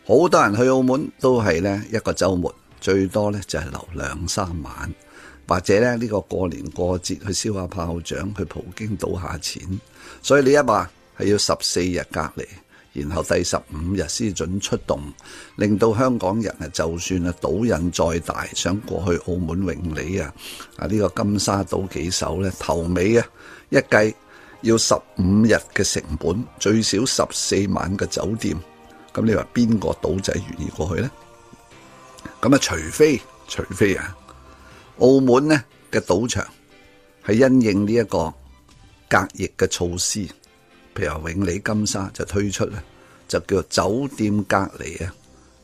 好多人去澳門都係呢一個周末，最多呢就係留兩三晚。或者咧呢個過年過節去燒下炮仗，去葡京賭下錢，所以呢一話係要十四日隔離，然後第十五日先准出動，令到香港人啊，就算啊賭癮再大，想過去澳門永利啊啊呢個金沙賭幾手咧，頭尾啊一計要十五日嘅成本，最少十四晚嘅酒店，咁你話邊個賭仔願意過去呢？咁啊，除非除非啊！澳門咧，嘅賭場係因應呢一個隔疫嘅措施，譬如話永利金沙，就推出咧，就叫酒店隔離啊，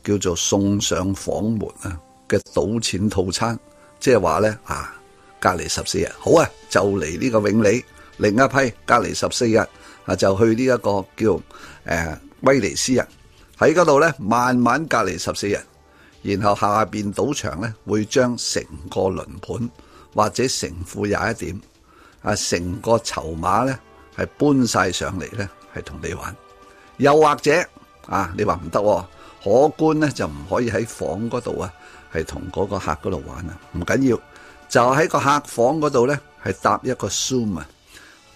叫做送上房門啊嘅賭錢套餐，即係話咧，啊隔離十四日，好啊就嚟呢個永利，另一批隔離十四日啊就去呢一個叫誒威尼斯人啊，喺嗰度咧，慢慢隔離十四日。然後下邊賭場咧會將成個輪盤或者成副廿一點啊，成個籌碼咧係搬晒上嚟咧係同你玩。又或者啊，你話唔得，可觀咧就唔可以喺房嗰度啊，係同嗰個客嗰度玩啊。唔緊要，就喺個客房嗰度咧係搭一個 Zoom 啊，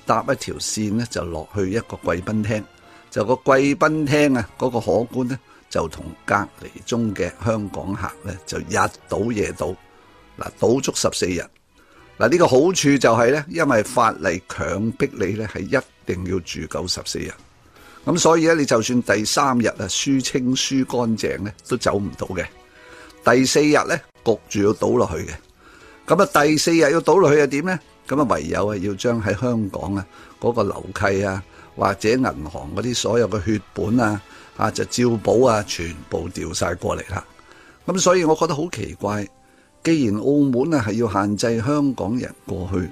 搭一條線咧就落去一個貴賓廳，就個貴賓廳啊嗰個可觀咧。就同隔離中嘅香港客咧，就日賭夜賭，嗱賭足十四日。嗱、這、呢個好處就係咧，因為法例強迫你咧係一定要住夠十四日。咁所以咧，你就算第三日啊，輸清輸乾淨咧，都走唔到嘅。第四日咧，焗住要賭落去嘅。咁啊，第四日要賭落去又點咧？咁啊，唯有啊要將喺香港啊嗰、那個樓契啊，或者銀行嗰啲所有嘅血本啊。啊！就照保啊，全部掉晒過嚟啦。咁、啊、所以我覺得好奇怪，既然澳門啊係要限制香港人過去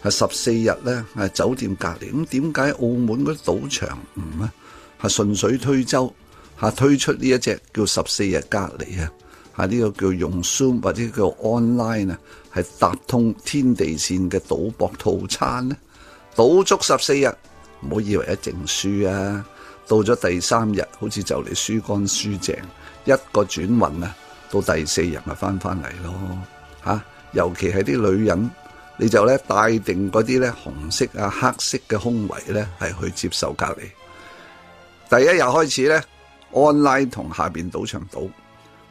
係十四日咧係酒店隔離，咁點解澳門嗰啲賭場唔咧係順水推舟，係、啊、推出呢一隻叫十四日隔離啊，係、啊、呢、這個叫用 Zoom 或者叫 online 啊，係、這個啊啊、搭通天地線嘅賭博套餐呢賭足十四日，唔好以為一定輸啊！到咗第三日，好似就嚟輸乾輸淨，一個轉運啊！到第四日咪翻翻嚟咯，嚇、啊！尤其係啲女人，你就咧帶定嗰啲咧紅色啊、黑色嘅胸圍咧，係去接受隔離。第一日開始咧，安拉同下邊賭場賭，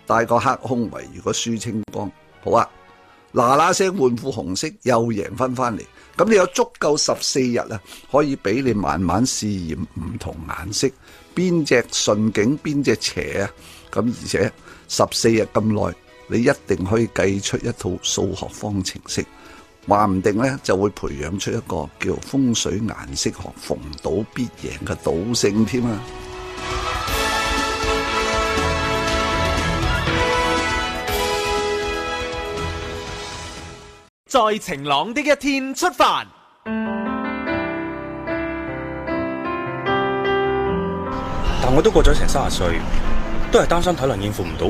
帶個黑胸圍，如果輸清光，好啊，嗱嗱聲換副紅色，又贏翻翻嚟。咁你有足夠十四日啊，可以俾你慢慢試驗唔同顏色，邊隻順境，邊隻邪啊！咁而且十四日咁耐，你一定可以計出一套數學方程式，話唔定呢，就會培養出一個叫風水顏色學逢賭必贏嘅賭聖添啊！在晴朗的一天出發，但我都過咗成三十歲，都係擔心體能應付唔到。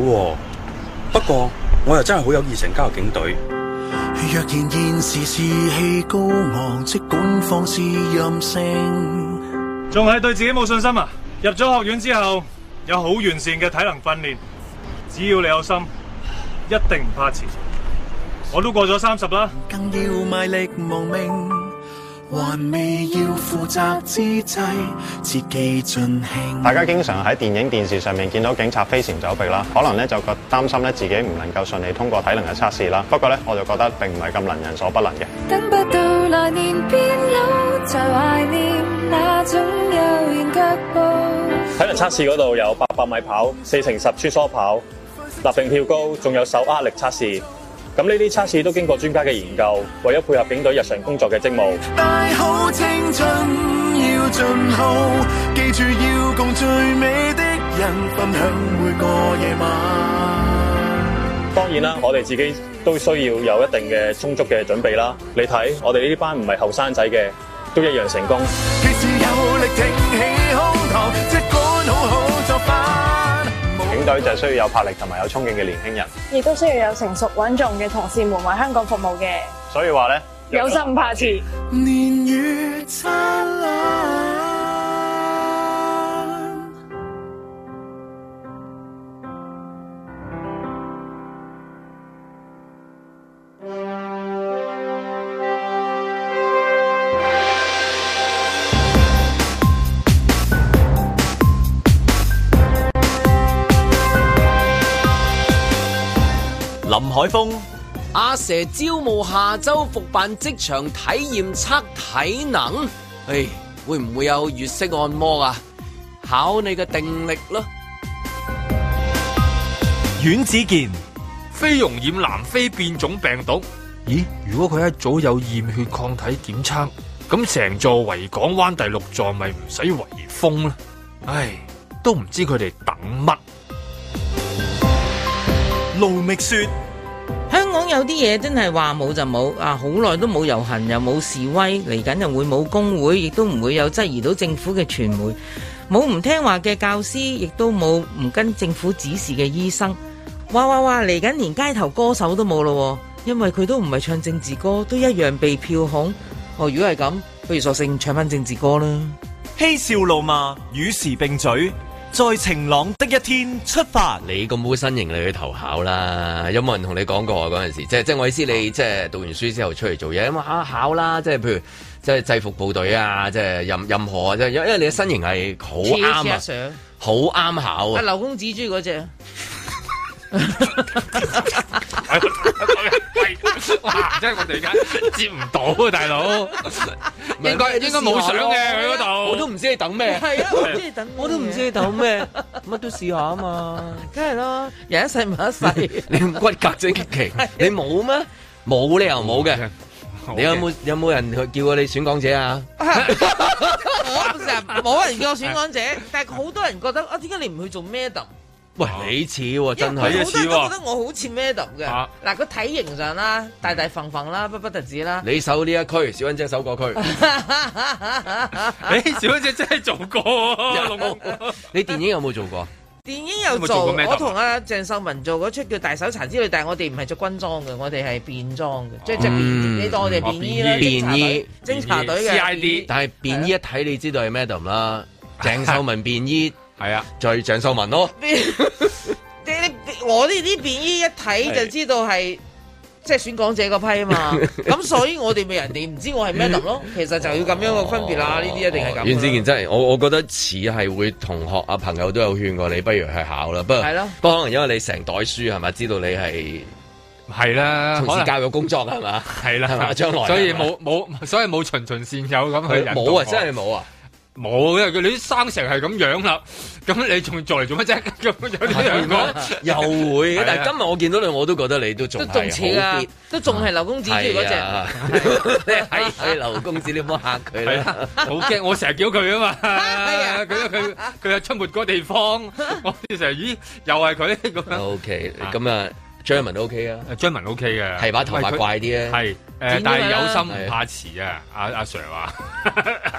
不過我又真係好有熱誠加入警隊。若然現時士氣高昂，即管放肆任性。仲係對自己冇信心啊？入咗學院之後，有好完善嘅體能訓練，只要你有心，一定唔怕遲。我都過咗三十啦。更要賣力無，大家經常喺電影、電視上面見到警察飛檐走壁啦，可能咧就覺得擔心咧自己唔能夠順利通過體能嘅測試啦。不過咧我就覺得並唔係咁能人所不能嘅。體能測試嗰度有八百米跑、四乘十穿梭跑、立定跳高，仲有手握力測試。咁呢啲測試都經過專家嘅研究，為咗配合警隊日常工作嘅職務，好青春要要盡耗，記住要共最美的人分享每個夜晚。當然啦，我哋自己都需要有一定嘅充足嘅準備啦。你睇，我哋呢班唔係後生仔嘅，都一樣成功。即使有力挺起胸膛，即管好好警隊就係需要有魄力同埋有衝勁嘅年輕人，亦都需要有成熟穩重嘅同事們為香港服務嘅。所以話咧，有心唔怕遲。年月海風阿蛇，招募下周復辦，職場體驗測體能。唉，會唔會有月式按摩啊？考你嘅定力咯。阮子健，菲傭染南非變種病毒，咦？如果佢一早有驗血抗體檢測，咁成座維港灣第六座咪唔使圍封咧？唉，都唔知佢哋等乜。盧覓雪。香港有啲嘢真係話冇就冇，啊好耐都冇遊行，又冇示威，嚟緊又會冇工會，亦都唔會有質疑到政府嘅傳媒，冇唔聽話嘅教師，亦都冇唔跟政府指示嘅醫生。哇哇哇，嚟緊連街頭歌手都冇咯，因為佢都唔係唱政治歌，都一樣被票控。哦，如果係咁，不如索性唱翻政治歌啦。嬉笑怒罵，與時並進。在晴朗的一天出發，你咁好身形，你去投考啦！有冇人同你講過啊？嗰陣時，即係即係我意思你，你即係讀完書之後出嚟做嘢，咁啊考啦！即係譬如即係制服部隊啊，即係任任何啊，即係因為你嘅身形係好啱啊，好啱考啊！劉公紫珠嗰隻。係，哇！真係我哋而家接唔到啊，大佬。應該應該冇相嘅佢嗰度，我都唔知你等咩。係啊，即係等，我都唔知你等咩，乜都試下啊嘛。梗係啦，人一世物一世，連骨骼都精奇。你冇咩？冇理由冇嘅。你有冇有冇人叫過你選港姐啊？我成日冇人叫我選港姐，但係好多人覺得啊，點解你唔去做 madam？喂，你似喎，真係，你好似喎，覺得我好似 Madam 嘅，嗱個體型上啦，大大份份啦，不不特止啦。你守呢一區，小恩姐守嗰區，你小恩姐真係做過，你電影有冇做過？電影有做，我同阿鄭秀文做嗰出叫《大搜查之女》，但係我哋唔係着軍裝嘅，我哋係便裝嘅，即係著便衣。你當我哋便衣啦，便衣，偵查隊嘅。係但係便衣一睇，你知道係 Madam 啦，鄭秀文便衣。係啊，再鄭秀文咯！我呢啲便衣一睇就知道係即係選港姐嗰批啊嘛，咁所以我哋咪人哋唔知我係咩人咯。其實就要咁樣個分別啦，呢啲一定係咁。袁子健真係，我我覺得似係會同學啊朋友都有勸過你，不如去考啦。不過係咯，不可能因為你成袋書係咪知道你係係啦，從事教育工作係嘛，係啦，係嘛，將來所以冇冇，所以冇循循善誘咁去冇啊，真係冇啊！冇嘅，佢你啲生成係咁樣啦，咁你仲做嚟做乜啫？咁有啲人講又會，但係今日我見到你，我都覺得你都仲係。都仲似啊，都仲係劉公子中意嗰隻。係啊，啲劉公子你唔好嚇佢啦。好驚，我成日叫佢啊嘛。係啊，佢佢佢又出沒嗰個地方，我成日，咦，又係佢咁樣。OK，咁啊。張文都 OK 啊、okay，張文 OK 嘅係把頭髮怪啲啊，係、啊、誒， 但係有心唔怕遲啊！阿阿 Sir 話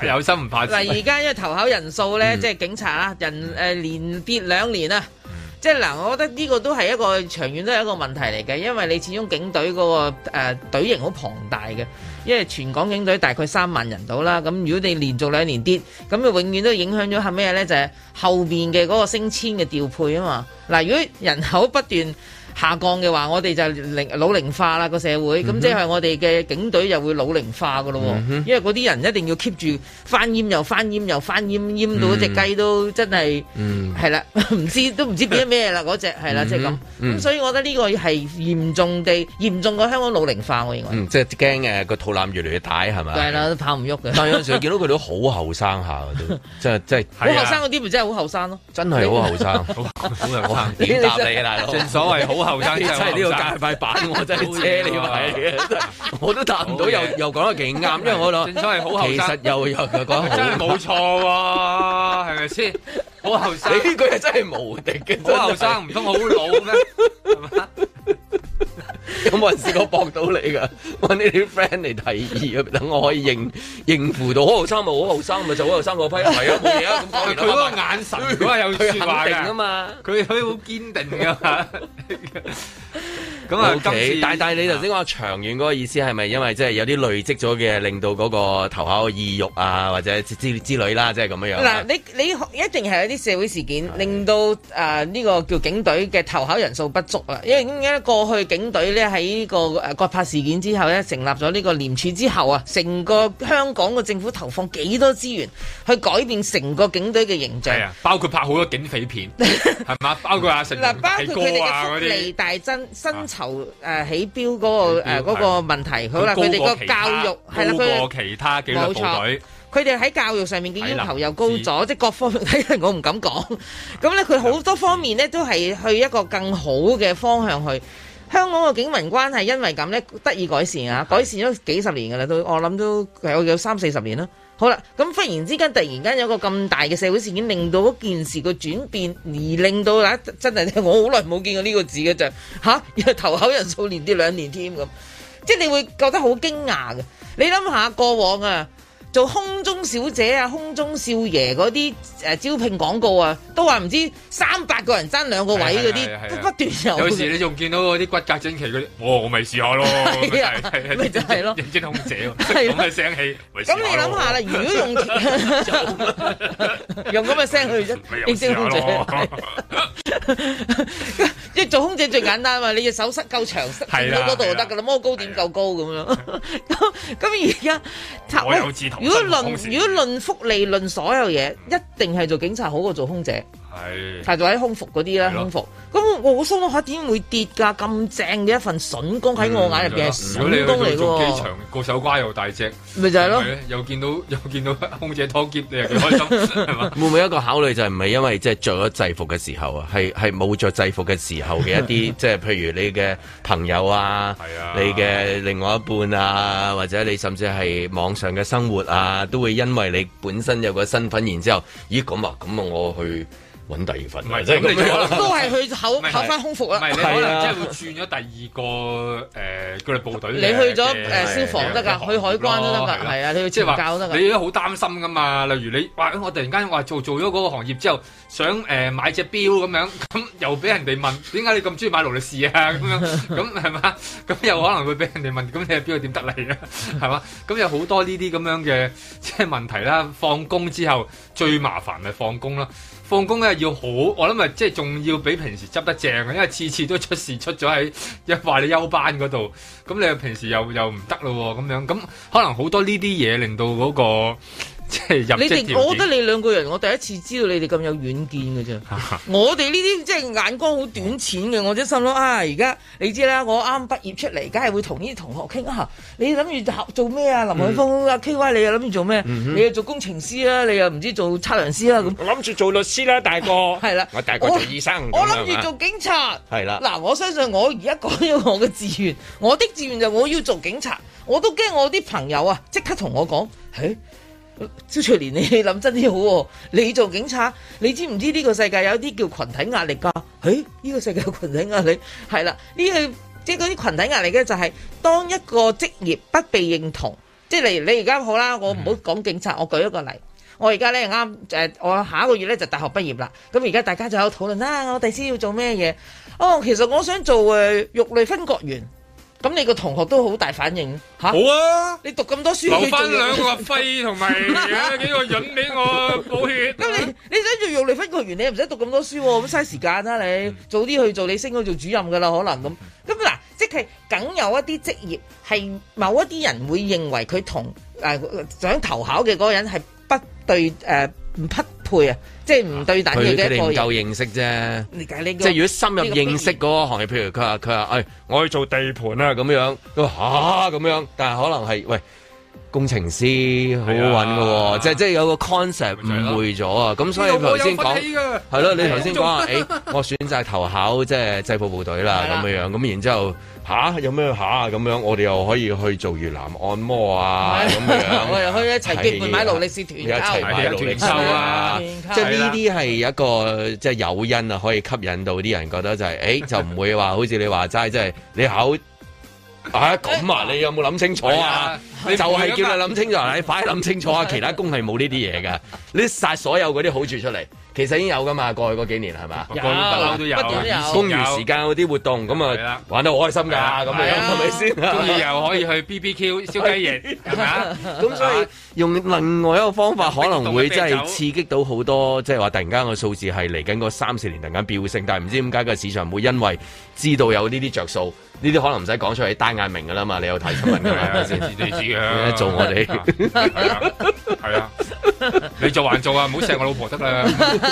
有心唔怕遲。嗱，而家因為投考人數咧，嗯、即係警察啊，人誒、呃、連跌兩年啊，嗯、即係嗱、呃，我覺得呢個都係一個長遠都係一個問題嚟嘅，因為你始終警隊嗰、那個誒、呃、隊型好龐大嘅，因為全港警隊大概三萬人到啦。咁如果你連續兩年跌，咁就永遠都影響咗係咩咧？就係、是、後邊嘅嗰個升遷嘅調配啊嘛。嗱、呃，如、呃、果、呃、人口不斷下降嘅話，我哋就老齡化啦個社會，咁即係我哋嘅警隊又會老齡化噶咯，因為嗰啲人一定要 keep 住翻閹又翻閹又翻閹，閹到隻雞都真係係啦，唔知都唔知變咗咩啦嗰隻係啦，即係咁。咁所以我覺得呢個係嚴重地嚴重過香港老齡化，我認為。即係驚誒個肚腩越嚟越大係咪？係啦，跑唔喐嘅。但有時見到佢哋都好後生下，都即係即係好後生嗰啲，咪真係好後生咯，真係好後生，好後生，點答你啊，正所謂好後生 真係呢個界塊板，我真係車你話嘅， 我都答唔到， 又又講得幾啱，因為我諗， 好其實又又講得冇錯喎，係咪先？好後生， 你呢句嘢真係無敵嘅，好後生唔通好老咩？係咪？ 有冇人試過搏到你噶？我呢啲 friend 嚟提議，等我可以應應付到。好後生咪、啊、好後生、啊，咪就好後生個、啊、批，係啊冇佢嗰個眼神，佢話有説話噶嘛，佢佢好堅定噶。咁啊，但但 Okay, 次你頭先講長遠嗰個意思係咪因為即係有啲累積咗嘅，令到嗰個投考意欲啊，或者之之類啦，即係咁樣。嗱，你你一定係有啲社會事件是令到誒呢、呃這個叫警隊嘅投考人數不足啊。因為點解過去警隊咧喺呢、這個誒葛柏事件之後咧、呃，成立咗呢個廉署之後啊，成個香港嘅政府投放幾多資源去改變成個警隊嘅形象？係啊，包括拍好多警匪片，係嘛？ 包括阿成員睇歌啊嗰大增新。啊投誒起標嗰個誒嗰個問題，好啦，佢哋個教育係啦，高過其他紀律部隊冇錯，佢哋喺教育上面嘅要求又高咗，即係各方面，我唔敢講。咁咧，佢好多方面咧都係去一個更好嘅方向去。香港嘅警民關係因為咁咧得以改善啊，改善咗幾十年㗎啦，都我諗都有有三四十年啦。好啦，咁忽然之間，突然間有個咁大嘅社會事件，令到件事個轉變，而令到嗱，真係咧，我好耐冇見過呢個字嘅咋，吓、啊，日頭口人數連跌兩年添咁，即係你會覺得好驚訝嘅。你諗下過往啊～做空中小姐啊，空中少爺嗰啲誒招聘廣告啊，都話唔知三百個人爭兩個位嗰啲，不斷有。有時你仲見到嗰啲骨骼精奇嗰啲，我我咪試下咯。咪就係咯，應徵空姐，咁嘅聲氣。咁你諗下啦，如果用用咁嘅聲去啫，應徵空姐。因做空姐最簡單嘛，你隻手伸夠長，伸到嗰度就得噶啦，魔高點夠高咁樣。咁咁而家插咧。如果論如果論福利，論所有嘢，一定係做警察好過做空姐。係，係做喺空服嗰啲咧，的空服。咁我心諗下點會跌噶？咁正嘅一份筍工喺、嗯、我眼入邊係筍工嚟喎。機場個、嗯、工手瓜又大隻，咪就係咯。又見到又見到，又見到空姐拖喼你又幾開心係嘛？ 吧會唔會一個考慮就係唔係因為即係着咗制服嘅時候啊？係係冇着制服嘅時候嘅一啲， 即係譬如你嘅朋友啊， 你嘅另外一半啊，或者你甚至係網上嘅生活啊，都會因為你本身有個身份，然之後，咦咁啊咁啊，我去。揾第二份，唔係真係咁講啦，都係去考考翻空服啦。係啊，你可能即係會轉咗第二個誒軍隊部隊。你去咗誒消防得㗎，去海關都得㗎。係啊，你即係話教得，你都好擔心㗎嘛。例如你哇，我突然間話做做咗嗰個行業之後，想誒買隻表咁樣，咁又俾人哋問點解你咁中意買勞力士啊？咁樣咁係嘛？咁又可能會俾人哋問，咁你係表點得嚟啊？係嘛？咁有好多呢啲咁樣嘅即係問題啦。放工之後最麻煩咪放工咯。放工咧要好，我諗咪即係仲要比平時執得正啊，因為次次都出事，出咗喺一話你休班嗰度，咁你平時又又唔得咯咁樣，咁可能好多呢啲嘢令到嗰個。即係你哋，我覺得你兩個人，我第一次知道你哋咁有遠見嘅啫。我哋呢啲即係眼光好短淺嘅，我真心諗啊。而家你知啦，我啱畢業出嚟，梗係會同呢啲同學傾下。你諗住做咩啊？林海峰、阿 K Y，你又諗住做咩？嗯、哼你又做工程師啦，你又唔知做測量師啦咁。我諗住做律師啦，大哥。係啦，我大哥做醫生。我諗住做警察。係 啦，嗱，我相信 啦我而家講咗我嘅志願，我的志願就我要做警察。我都驚我啲朋友啊，即刻同我講，誒。肖翠蓮，你諗真啲好、哦，你做警察，你知唔知呢個世界有啲叫群體壓力噶、啊？誒、呢、這個世界有群體壓力係啦，呢個即係嗰啲群體壓力咧、就是，就係當一個職業不被認同，即係你你而家好啦，我唔好講警察，我舉一個例，我而家咧啱誒，我下一個月咧就大學畢業啦，咁而家大家就有討論啦，我第時要做咩嘢？哦，其實我想做誒肉類分割員。咁你個同學都好大反應吓？啊好啊！你讀咁多書分翻兩個費同埋幾個引俾我補血。咁 你你想要用嚟分科完，你又唔使讀咁多書，咁嘥時間啦、啊！你早啲去做，你升去做主任噶啦，可能咁。咁嗱，即係梗有一啲職業係某一啲人會認為佢同誒、呃、想投考嘅嗰個人係不對誒唔、呃、匹。配啊，即係唔對大嘅。佢哋唔夠認識啫。你解呢？ 即係如果深入認識嗰個行業，譬如佢話佢話，哎，我去做地盤啊，咁樣。佢話嚇咁樣。但係可能係喂，工程師好揾嘅喎，即係即係有個 concept 就誤會咗啊。咁所以頭先講係咯，你頭先講啊， 哎，我選擇投考即係制服部隊啦，咁樣咁然之後。嚇、啊、有咩嚇咁樣？我哋又可以去做越南按摩啊咁 樣， 我又可以一齊結伴買勞力士團購啊，即係呢啲係一個即係誘因啊，可以吸引到啲人覺得就係、是、誒、欸，就唔會話好似你話齋，即、就、係、是、你考啊咁啊？你有冇諗清楚啊？ 就係、是、叫你諗清楚，你快諗清楚啊！其他工係冇呢啲嘢㗎，拎曬所有嗰啲好處出嚟。其實已經有噶嘛，過去嗰幾年係嘛？有都有，有。公餘時間嗰啲活動，咁啊，玩得好開心㗎，咁啊，係咪先？又可以去 BBQ 燒雞翼，係咁所以用另外一個方法，可能會真係刺激到好多，即係話突然間個數字係嚟緊個三四年突然間飆升，但係唔知點解個市場會因為知道有呢啲着數，呢啲可能唔使講出嚟，單眼明㗎啦嘛，你有睇新聞㗎嘛？知知知啊！做我哋係啊，係啊，你做還做啊，唔好錫我老婆得啦～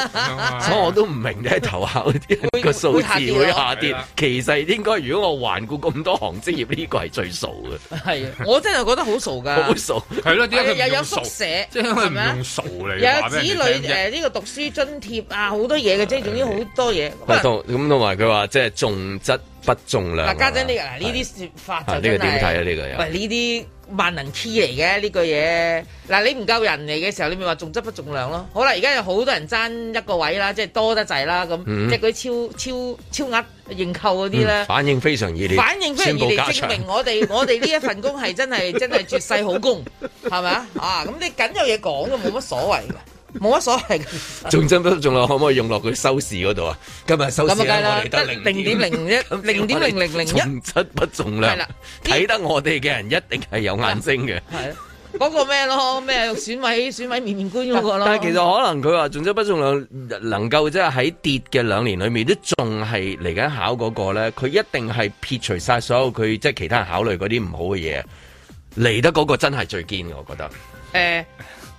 所以我都唔明咧，投行啲個數字會下跌。其實應該，如果我環顧咁多行職業，呢個係最傻嘅。係啊，我真係覺得好傻噶。好傻，係咯？又有宿舍，即係唔用？傻嚟，又有子女誒，呢個讀書津貼啊，好多嘢嘅，即係總之好多嘢。咁同埋佢話，即係重質不重量。嗱，家姐你嗱呢啲說法，呢個點睇啊？呢個又唔係呢啲。萬能 key 嚟嘅呢句嘢，嗱你唔夠人嚟嘅時候，你咪話重質不重量咯。好啦，而家有好多人爭一個位啦，即係多得滯、嗯、啦，咁即係佢超超超額認購嗰啲啦。反應非常熱烈，反應非常熱烈，證明我哋我哋呢一份工係真係真係絕世好工，係咪啊？啊，咁你梗有嘢講㗎，冇乜所謂。冇乜所謂，重質不重量可唔可以用落佢收視嗰度啊？今日收視我哋得零點零一，零點零零零一，重質不重量係啦。睇得我哋嘅人一定係有眼睛嘅。係嗰個咩咯？咩選委選委面面觀嗰個咯？但係其實可能佢話重質不重量能夠即係喺跌嘅兩年裏面都仲係嚟緊考嗰個咧，佢一定係撇除晒所有佢即係其他人考慮嗰啲唔好嘅嘢，嚟得嗰個真係最堅嘅，我覺得。誒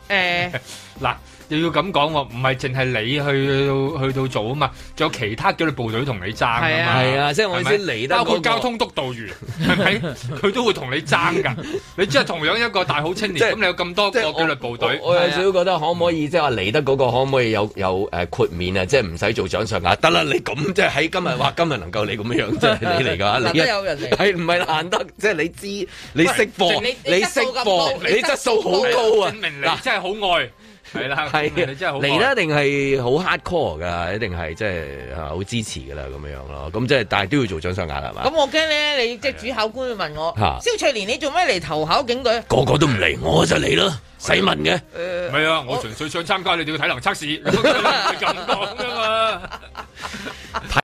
誒嗱。又要咁講喎？唔係淨係你去到去到做啊嘛，仲有其他紀律部隊同你爭。係啊，係啊，即係我意思嚟得。包括交通督導員，佢都會同你爭㗎。你即係同樣一個大好青年，咁你有咁多個紀律部隊，我有少少覺得可唔可以即係話嚟得嗰個可唔可以有有誒豁免啊？即係唔使做掌上壓得啦。你咁即係喺今日話今日能夠你咁樣樣，即係你嚟㗎。難得有人嚟，係唔係難得？即係你知你識貨，你識貨，你質素好高啊！你真係好愛。係啦，係 啊，嚟、嗯、啦，一定係好 hard core 噶，一定係即係好支持噶啦，咁樣樣咯。咁即係，嗯嗯嗯嗯、但係都要做掌上眼啦嘛。咁我驚咧，你即係主考官會問我，蕭翠蓮，你做咩嚟投考警隊？個、嗯、個 都唔嚟，我就嚟咯，使、 啊、問嘅？唔係啊，我純粹想參加你哋嘅體能測試。咁講噶嘛。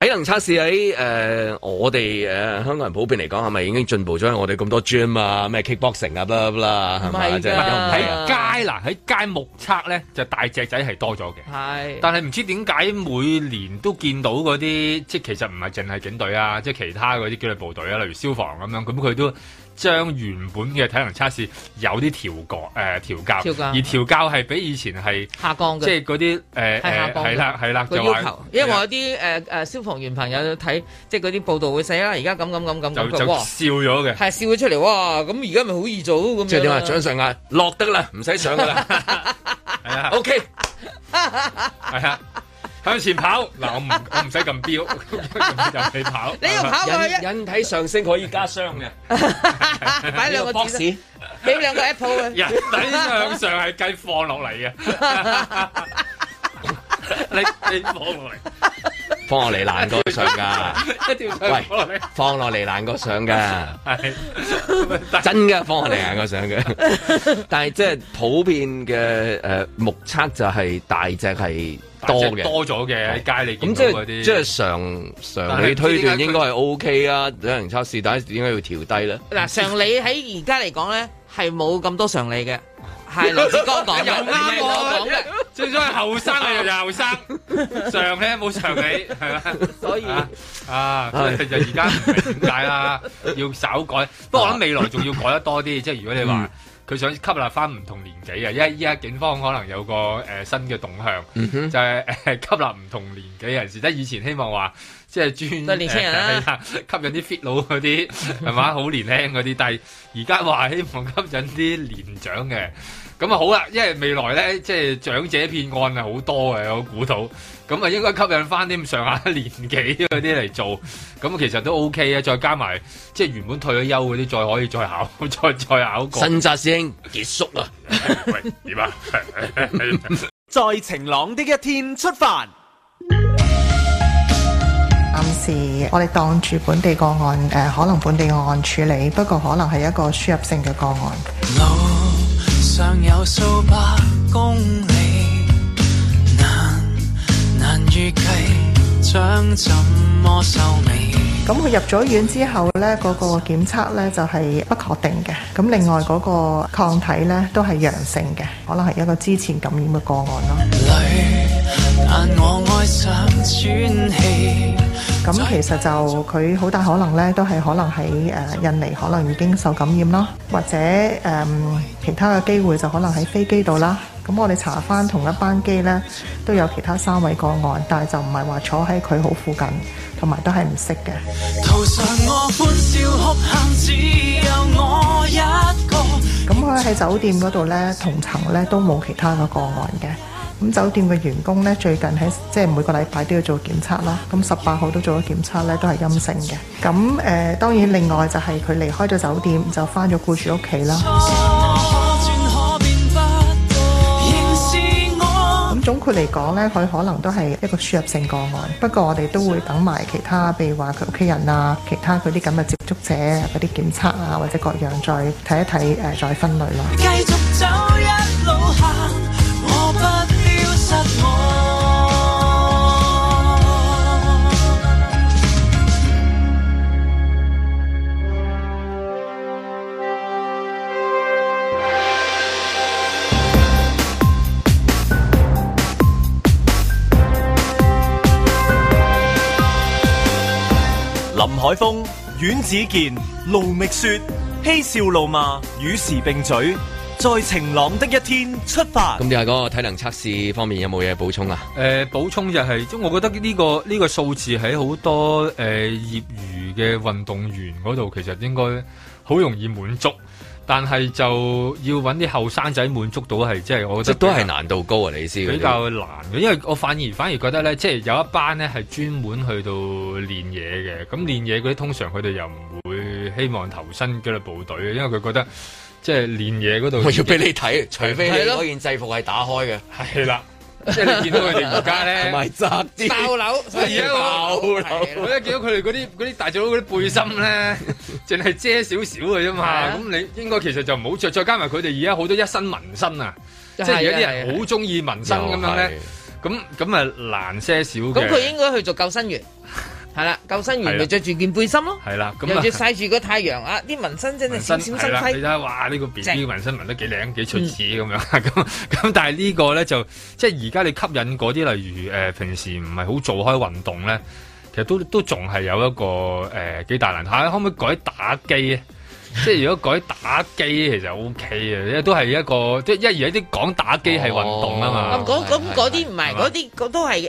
體能測試喺誒、呃、我哋誒、呃、香港人普遍嚟講係咪已經進步咗、啊？我哋咁多 gym 啊咩 kickboxing 啊啦啦係嘛？喺街嗱，喺街目測咧就大隻仔係多咗嘅。係，是的 但係唔知點解每年都見到嗰啲，即係其實唔係淨係警隊啊，即係其他嗰啲紀律部隊啊，例如消防咁樣咁佢都。將原本嘅體能測試有啲調降，誒調校，而調校係比以前係下降嘅，即係嗰啲誒係下降。係啦，係啦，要求，因為我有啲誒誒消防員朋友睇，即係嗰啲報道會寫啦，而家咁咁咁咁，就就笑咗嘅，係笑咗出嚟，哇！咁而家咪好易做咁。即係點啊？掌上壓落得啦，唔使上噶啦。係啊，OK，係啊。向前跑，嗱，我唔我唔使咁表，就去跑。你要跑佢啊！引引體上升可以加傷嘅，買兩個碟片，俾兩個 Apple 啊！引體向上係計放落嚟嘅，你你放落嚟。 放落嚟難過 上噶，一 放落嚟 放落嚟難過上噶，真噶放落嚟難過上噶。但係即係普遍嘅誒，目測就係大隻係多嘅，多咗嘅喺街你咁即係即係常常理推斷應該係 O K 啦，等人測試，但係應該要調低咧。嗱，常理喺而家嚟講咧，係冇咁多常理嘅。太羅志剛講又啱嘅，啊，最主要係後生嚟，就後生， 上咧冇長你，係嘛？所以啊，就而家唔明點解啦，要稍改。不過 我諗未來仲要改得多啲，即係如果你話佢，嗯、想吸納翻唔同年紀嘅，因為依家警方可能有個誒，呃，新嘅動向，嗯、哼就係，是，誒，呃，吸納唔同年紀人士。即係以前希望話即係專，對年輕人，啊、 吸引啲 fit 佬嗰啲，係嘛？好年輕嗰啲。但係而家話希望吸引啲年長嘅。咁啊好啦，因為未來咧，即係長者騙案係好多嘅，我估到，咁啊應該吸引翻啲咁上下年紀嗰啲嚟做，咁其實都 OK 啊，再加埋即係原本退咗休嗰啲，再可以再考，再再考過。新紮師兄結束啦， 喂，點啊？ 在晴朗的一天出發。暫時我哋當住本地個案，誒、呃，可能本地個案處理，不過可能係一個輸入性嘅個案。No. 上有數百公里，難難預計將怎麼收尾。咁佢入咗院之後呢，嗰、那個檢測呢就係、是、不確定嘅。咁另外嗰個抗體呢都係陽性嘅，可能係一個之前感染嘅個案咯。咁其實就佢好大可能咧，都係可能喺誒、呃、印尼可能已經受感染咯，或者誒、呃、其他嘅機會就可能喺飛機度啦。咁我哋查返同一班機咧，都有其他三位個案，但係就唔係話坐喺佢好附近，同埋都係唔識嘅。咁佢喺酒店嗰度咧，同層咧都冇其他嘅個案嘅。咁酒店嘅員工咧，最近喺即係每個禮拜都要做檢測啦。咁十八號都做咗檢測咧，都係陰性嘅。咁誒、呃，當然另外就係佢離開咗酒店，就翻咗僱主屋企啦。咁錯總括嚟講咧，佢可能都係一個輸入性個案。不過我哋都會等埋其他，譬如話佢屋企人啊，其他佢啲咁嘅接觸者嗰啲檢測啊，或者各樣再睇一睇誒、呃，再分類咯。繼續走一路走林海峰、阮子健、盧覓雪、嬉笑怒罵，與時並舉，在晴朗的一天出發。咁喺嗰個體能測試方面有冇嘢補充啊？誒，補充就係、是，即係我覺得呢、這個呢、這個數字喺好多誒、呃、業餘嘅運動員嗰度，其實應該好容易滿足。但係就要揾啲後生仔滿足到係，即、就、係、是、我覺得比較比較，都係難度高啊！你知比較難嘅，因為我反而反而覺得咧，即係有一班咧係專門去到練嘢嘅，咁練嘢嗰啲通常佢哋又唔會希望投身嗰啲部隊，因為佢覺得即係練嘢嗰度，我要俾你睇，除非你嗰件制服係打開嘅，係啦。即係你見到佢哋而家咧，罩樓，所以而家我，我一見到佢哋嗰啲、嗰啲大隻佬嗰啲背心咧，淨係遮少少嘅啫嘛，咁你應該其實就唔好着，再加埋佢哋而家好多一身紋身啊，即係而家啲人好中意紋身咁樣咧，咁咁啊難些少嘅。咁佢應該去做救生員。係啦，救生員咪着住件背心咯，的又著晒住個太陽啊！啲的紋身真係閃閃生輝。的你睇哇，呢、呢個 BB 啲紋身紋得幾靚幾出彩咁樣咁咁， 但係呢個咧就即係而家你吸引嗰啲，例如誒、呃、平時唔係好做開運動咧，其實都都仲係有一個誒、呃、幾大難題。可唔可以改打機啊？ 即係如果改打機其實 O K 嘅，因為都係一個即係一而一啲講打機係、哦、運動啊嘛。咁嗰啲唔係，嗰啲都係誒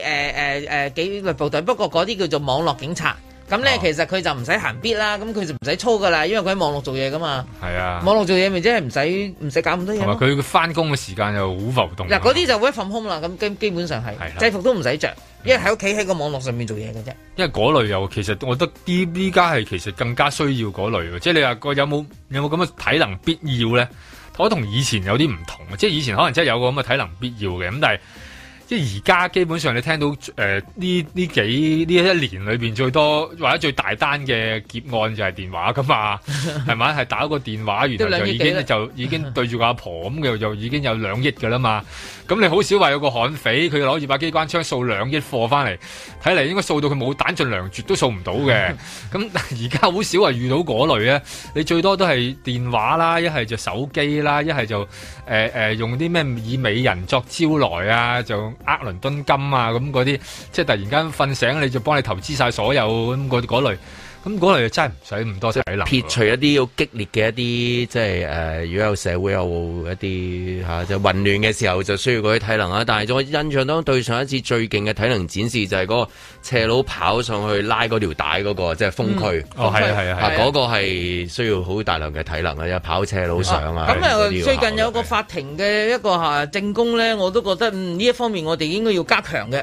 誒誒紀律部隊，不過嗰啲叫做網絡警察。咁咧，其實佢就唔使行必啦，咁佢就唔使操噶啦，因為佢喺網絡做嘢噶嘛。係啊，網絡做嘢咪即係唔使唔使搞咁多嘢。佢翻工嘅時間又好浮動。嗱、啊，嗰啲就 work from home 啦，咁基基本上係的制服都唔使着，因為喺屋企喺個網絡上面做嘢嘅啫。因為嗰類又其實，我覺得啲呢家係其實更加需要嗰類嘅，即係你話個有冇有冇咁嘅體能必要咧？我同以前有啲唔同，即係以前可能真係有個咁嘅體能必要嘅，咁但係。即係而家基本上你聽到誒呢呢幾呢一年裏邊最多或者最大單嘅劫案就係電話㗎嘛，係咪？係打個電話原來就已經就， 就，就已經對住個阿婆咁，又又已經有兩億㗎喇嘛。咁你好少話有個悍匪佢攞住把機關槍掃兩億貨翻嚟，睇嚟應該掃到佢冇彈盡糧絕都掃唔到嘅。咁而家好少話遇到嗰類咧，你最多都係電話啦，一係就手機啦，一係就誒誒用啲咩以美人作招徠啊，就～呃，倫敦金啊，咁嗰啲，即係突然間瞓醒，你就幫你投資晒所有咁嗰嗰類。咁嗰樣又真係唔使唔多啲體能。撇除一啲好激烈嘅一啲，即係誒，如果有社會有、呃、一啲嚇、啊、就是、混亂嘅時候，就需要嗰啲體能啦。但係我印象當對上一次最勁嘅體能展示就係嗰個斜佬跑上去拉嗰條帶嗰、那個，即、就、係、是、風區。嗯、哦，係、嗯、啊，係啊，嗰個係需要好大量嘅體能啊！有跑斜佬上啊。咁啊，是是最近有個法庭嘅一個嚇證供咧，我都覺得呢、嗯嗯、一方面我哋應該要加強嘅。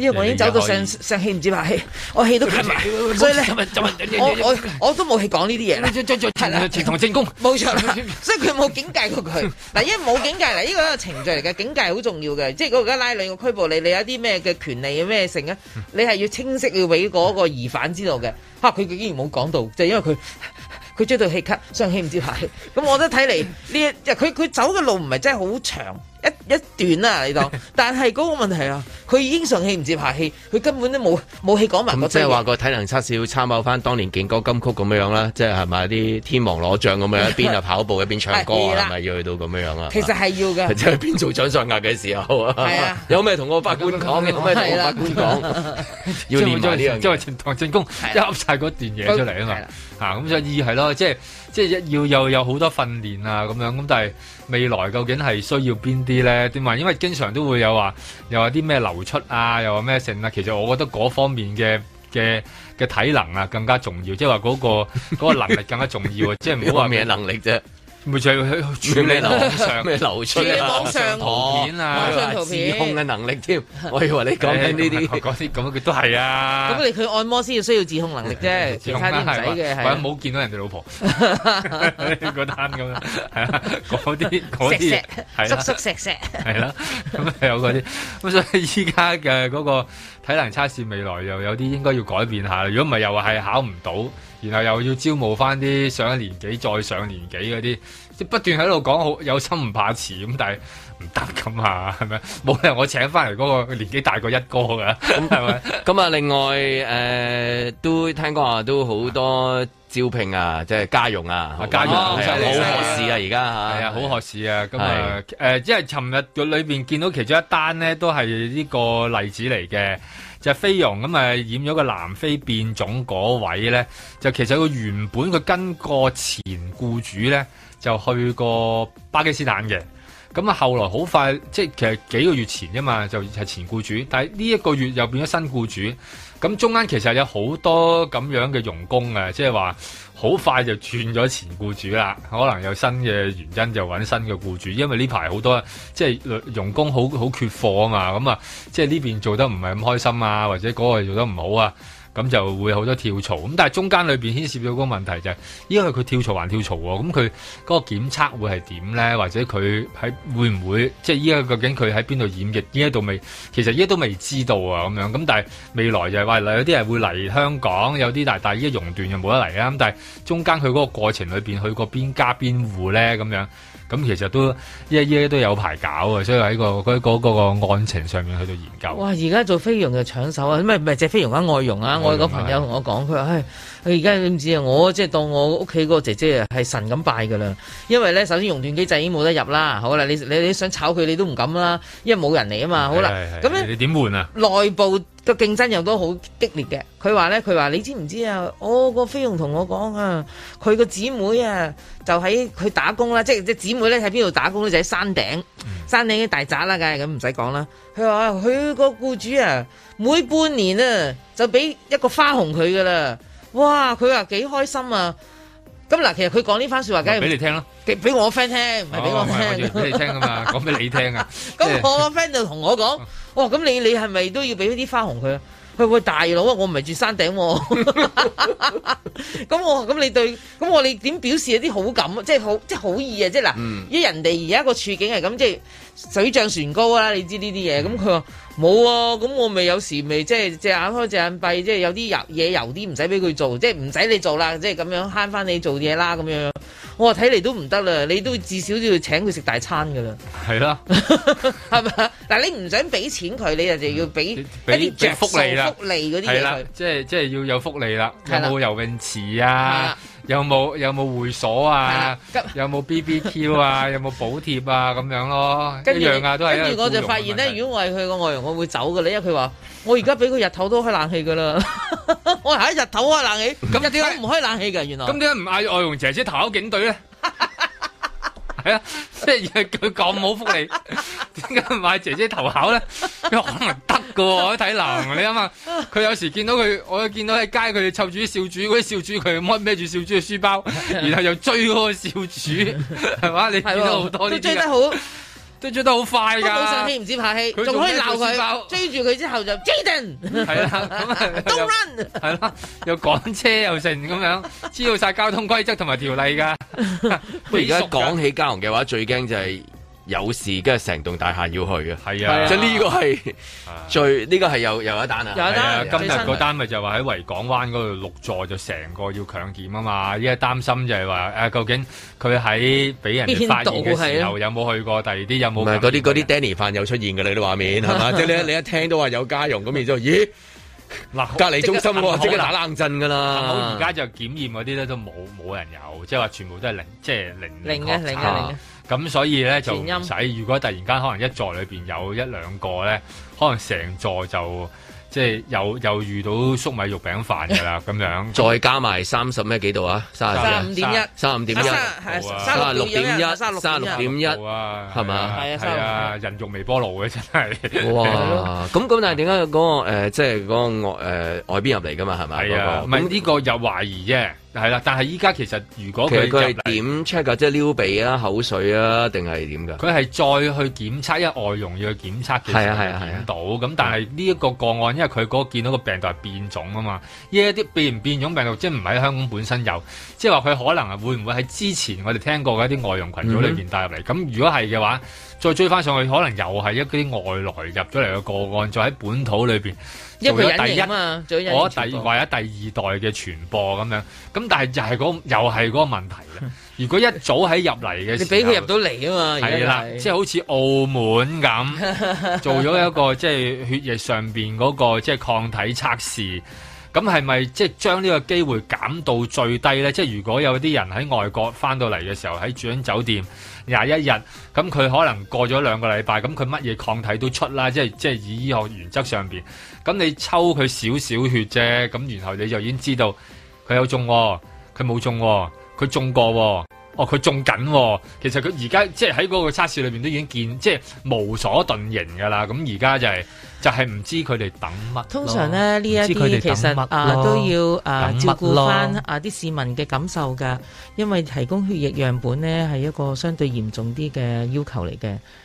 因為我已經走到上上氣唔接下氣，我氣都吸埋，所以咧，我我都冇氣講呢啲嘢啦。係啦，直同正宮，冇錯。所以佢冇警戒過佢。嗱，因為冇警戒嗱，呢個係一個程序嚟嘅，警戒好重要嘅。即係嗰而家拉你個拘捕你，你有啲咩嘅權利嘅咩性啊？你係要清晰要俾嗰個疑犯知道嘅。嚇，佢竟然冇講到，就因為佢佢追到氣吸，上氣唔接下氣。咁我覺得睇嚟呢，佢佢走嘅路唔係真係好長。一一段啦，你當，但係嗰個問題啊，佢已經上氣唔接下氣，佢根本都冇冇氣講埋。即係話個體能測試要參考翻當年勁歌金曲咁樣樣啦， 即係係咪啲天王攞獎咁樣，一邊啊跑步一邊唱歌係咪要去到咁樣啊？啊是是樣其實係要嘅。即係邊做掌上壓嘅時候啊？ 有咩同我法官講嘅，同我法官講， 要練咗練，即係殿堂正宮，噏曬嗰段嘢出嚟 啊嘛。 啊，咁所以係咯，即係即係一要又有好多訓練啊咁樣，咁但係未來究竟係需要邊啲咧？點話？因為經常都會有話，又話啲咩流出啊，又話咩剩啊。其實我覺得嗰方面嘅嘅嘅體能啊更加重要，即係話嗰個嗰個能力更加重要， 即係唔好話咩能力啫。 咪就要喺處理網上咩流傳，處理網上圖片啊，網上圖片，自控嘅能力添。我以為你講緊呢啲，講啲咁嘅都係啊。咁你佢按摩師要需要自控能力啫，其他啲仔嘅係。冇見到人哋老婆嗰單咁樣，講啲嗰啲，係啦，甩甩石石，係啦，咁係有嗰啲。咁所以依家嘅嗰個體能測試未來又有啲應該要改變下。如果唔係又係考唔到。然後又要招募翻啲上一年紀再上年紀嗰啲，即不斷喺度講好有心唔怕遲咁，但係唔得咁啊，係咪？冇理由我請翻嚟嗰個年紀大過一哥㗎，咁係咪？咁啊，另外誒、呃、都聽講話都好多招聘啊，即係家用啊，家用好學士啊，而家係啊，好學士啊，咁啊誒，即係尋日嘅裏邊見到其中一單呢，都係呢個例子嚟嘅。就菲傭咁誒，染咗個南非變種嗰位咧，就其實佢原本佢跟過前僱主咧，就去過巴基斯坦嘅。咁啊後來好快即係其實幾個月前啫嘛，就係、是、前僱主，但係呢一個月又變咗新僱主。咁中間其實有好多咁樣嘅傭工啊，即係話好快就轉咗前僱主啦，可能有新嘅原因就揾新嘅僱主，因為呢排好多即係傭工好好缺貨啊嘛，咁啊即係呢邊做得唔係咁開心啊，或者嗰個做得唔好啊。咁就會好多跳槽，咁但係中間裏邊牽涉到個問題就係、是，因為佢跳槽還跳槽喎，咁佢嗰個檢測會係點咧？或者佢喺會唔會即係依家究竟佢喺邊度染疫？依家都未，其實依家都未知道啊，咁樣。咁但係未來就係、是、話、哎，有啲人會嚟香港，有啲但係但係依家熔斷又冇得嚟啊。咁但係中間佢嗰個過程裏邊，去過邊家邊戶咧，咁樣。咁其實都一一都有排搞啊，所以喺、嗰個嗰、嗰個嗰個、案情上面去度研究。哇！而家做菲傭又搶手啊，咁咪咪借菲傭啊，外傭啊，我有個朋友同的我講，佢話：唉，佢而家點知啊？我即係當我屋企個姐姐啊，係神咁拜㗎啦。因為咧，首先熔斷機制已經冇得入啦，好啦，你你你想炒佢，你都唔敢啦，因為冇人嚟啊嘛，好啦，咁麼你點換啊？內部。個競爭又都好激烈嘅，佢話咧，佢話你知唔知、哦那個、啊？我個菲傭同我講啊，佢個姊妹啊，就喺佢打工啦，即係隻姊妹咧喺邊度打工咧？就喺山頂，山頂啲大宅啦，梗係咁唔使講啦。佢話佢個雇主啊，每半年啊就俾一個花紅佢噶啦，哇！佢話幾開心啊！咁嗱，其實佢講呢番説話，梗係俾你聽咯，俾我 friend 聽，唔係俾我聽。俾、哦、你聽啊嘛，講俾 你聽 啊。咁我個 friend 就同我講：哇、 哦，咁你你係咪都要俾啲花紅佢啊？佢話大佬，啊，我唔係住山頂，咁我咁你對，咁我哋點表示一啲好感啊，就是？即係好即係好意啊！即係嗱，因為人哋而家個處境係咁，即係水漲船高啊，你知呢啲嘢，咁佢話。 冇啊，咁我咪有，有時咪即係隻眼開隻眼閉，即係有啲油嘢油啲唔使俾佢做，即係唔使你做啦，即係咁樣慳翻你做嘢啦咁樣。我話睇嚟都唔得啦，你都至少都要請佢食大餐噶啦。係啦，係咪？但，你唔想俾錢佢，你就就要俾俾啲著福利啦，福利嗰啲。係啦，即係即係要有福利啦，的有冇游泳池啊？有冇有冇會所啊？有冇 B B Q 啊？ 有冇補貼啊？咁樣咯，一樣啊，都係。跟住我就發現咧，如果我係佢個外傭，我會走噶啦，因為佢話我而家俾佢日頭都開冷氣噶啦，我喺日頭開冷氣，咁點解唔開冷氣噶？ 原來咁點解唔嗌外傭姐姐投警隊咧？ 係啊，即係佢咁冇福利，點解唔買姐姐頭考咧？佢可能得噶，我睇男，你諗下，佢有時見到佢，我見到喺街佢湊住啲少主嗰啲少主，佢屈孭住少主嘅書包， 然後又追嗰個少主，係嘛？你睇到好多啲都追得好。追追得好快㗎！上戲唔知拍戲，佢仲可以鬧佢，追住佢之後就 Jaden，係啦，咁係，係啦 Don 't， 又趕車又成咁樣，知道晒交通規則同埋條例㗎。不過而 家講起交通嘅話，最驚就係。有事，跟住成棟大廈要去嘅，係啊，即係呢個係最呢個係又又一單啊！有一單今日嗰單咪就話喺維港灣嗰度六座就成個要強檢啊嘛！依家擔心就係話誒，究竟佢喺俾人發現嘅時候有冇去過？第二啲有冇？嗰啲啲 Danny 飯有出現嘅你啲畫面係嘛？即係你你一聽到話有家傭咁，然之後咦嗱隔離中心喎，即刻打冷震㗎啦！而家就檢驗嗰啲咧都冇冇人有，即係話全部都係零，即係零零嘅零嘅零嘅。咁所以咧就唔使，如果突然間可能一座裏邊有一兩個咧，可能成座就即係又又遇到粟米肉餅飯㗎啦，咁樣。再加埋三十咩幾度啊？三十五點一，三十五點一，三十六點一，三十六點一，係嘛？係啊，人肉微波爐嘅真係。哇！咁咁，但係點解嗰個誒，即係嗰個誒外邊入嚟㗎嘛？係咪？係啊，唔係呢個有懷疑啫。係啦，但係依家其實如果佢點 check 啊，即係撩鼻啊、口水啊，定係點噶？佢係再去檢測一外傭要去檢測嘅時候見到，咁的的但係呢一個個案，因為佢嗰個見到個病毒係變種啊嘛，呢一啲變唔變種病毒，即係唔喺香港本身有，即係話佢可能啊會唔會喺之前我哋聽過嘅一啲外傭群組裏邊帶入嚟？咁、mm hmm. 如果係嘅話，再追翻上去，可能又係一啲外來入咗嚟嘅個案，再喺本土裏邊做咗第一，為我第二或第二代嘅傳播咁樣。咁但係又係嗰、嗰個、又係嗰個問題啦。如果一早喺入嚟嘅， 你俾佢入到嚟啊嘛，係啦，即係好似澳門咁， 做咗一個即係血液上邊嗰、嗰個即係抗體測試。咁係咪即係將呢個機會減到最低呢？即係如果有啲人喺外國翻到嚟嘅時候，喺住緊酒店廿一日，咁佢可能過咗兩個禮拜，咁佢乜嘢抗體都出啦。即係即係以醫學原則上面，咁你抽佢少少血啫，咁然後你就已經知道佢有中、啊，佢冇中、啊，佢中過、啊。哦，佢仲緊、哦，其實佢而家即係喺嗰個測試裏面都已經見，即係無所遁形㗎啦。咁而家就係、是、就係、是、唔知佢哋等乜。通常咧呢一啲其實啊都要啊照顧翻啊啲市民嘅感受㗎，因為提供血液樣本咧係一個相對嚴重啲嘅要求嚟嘅。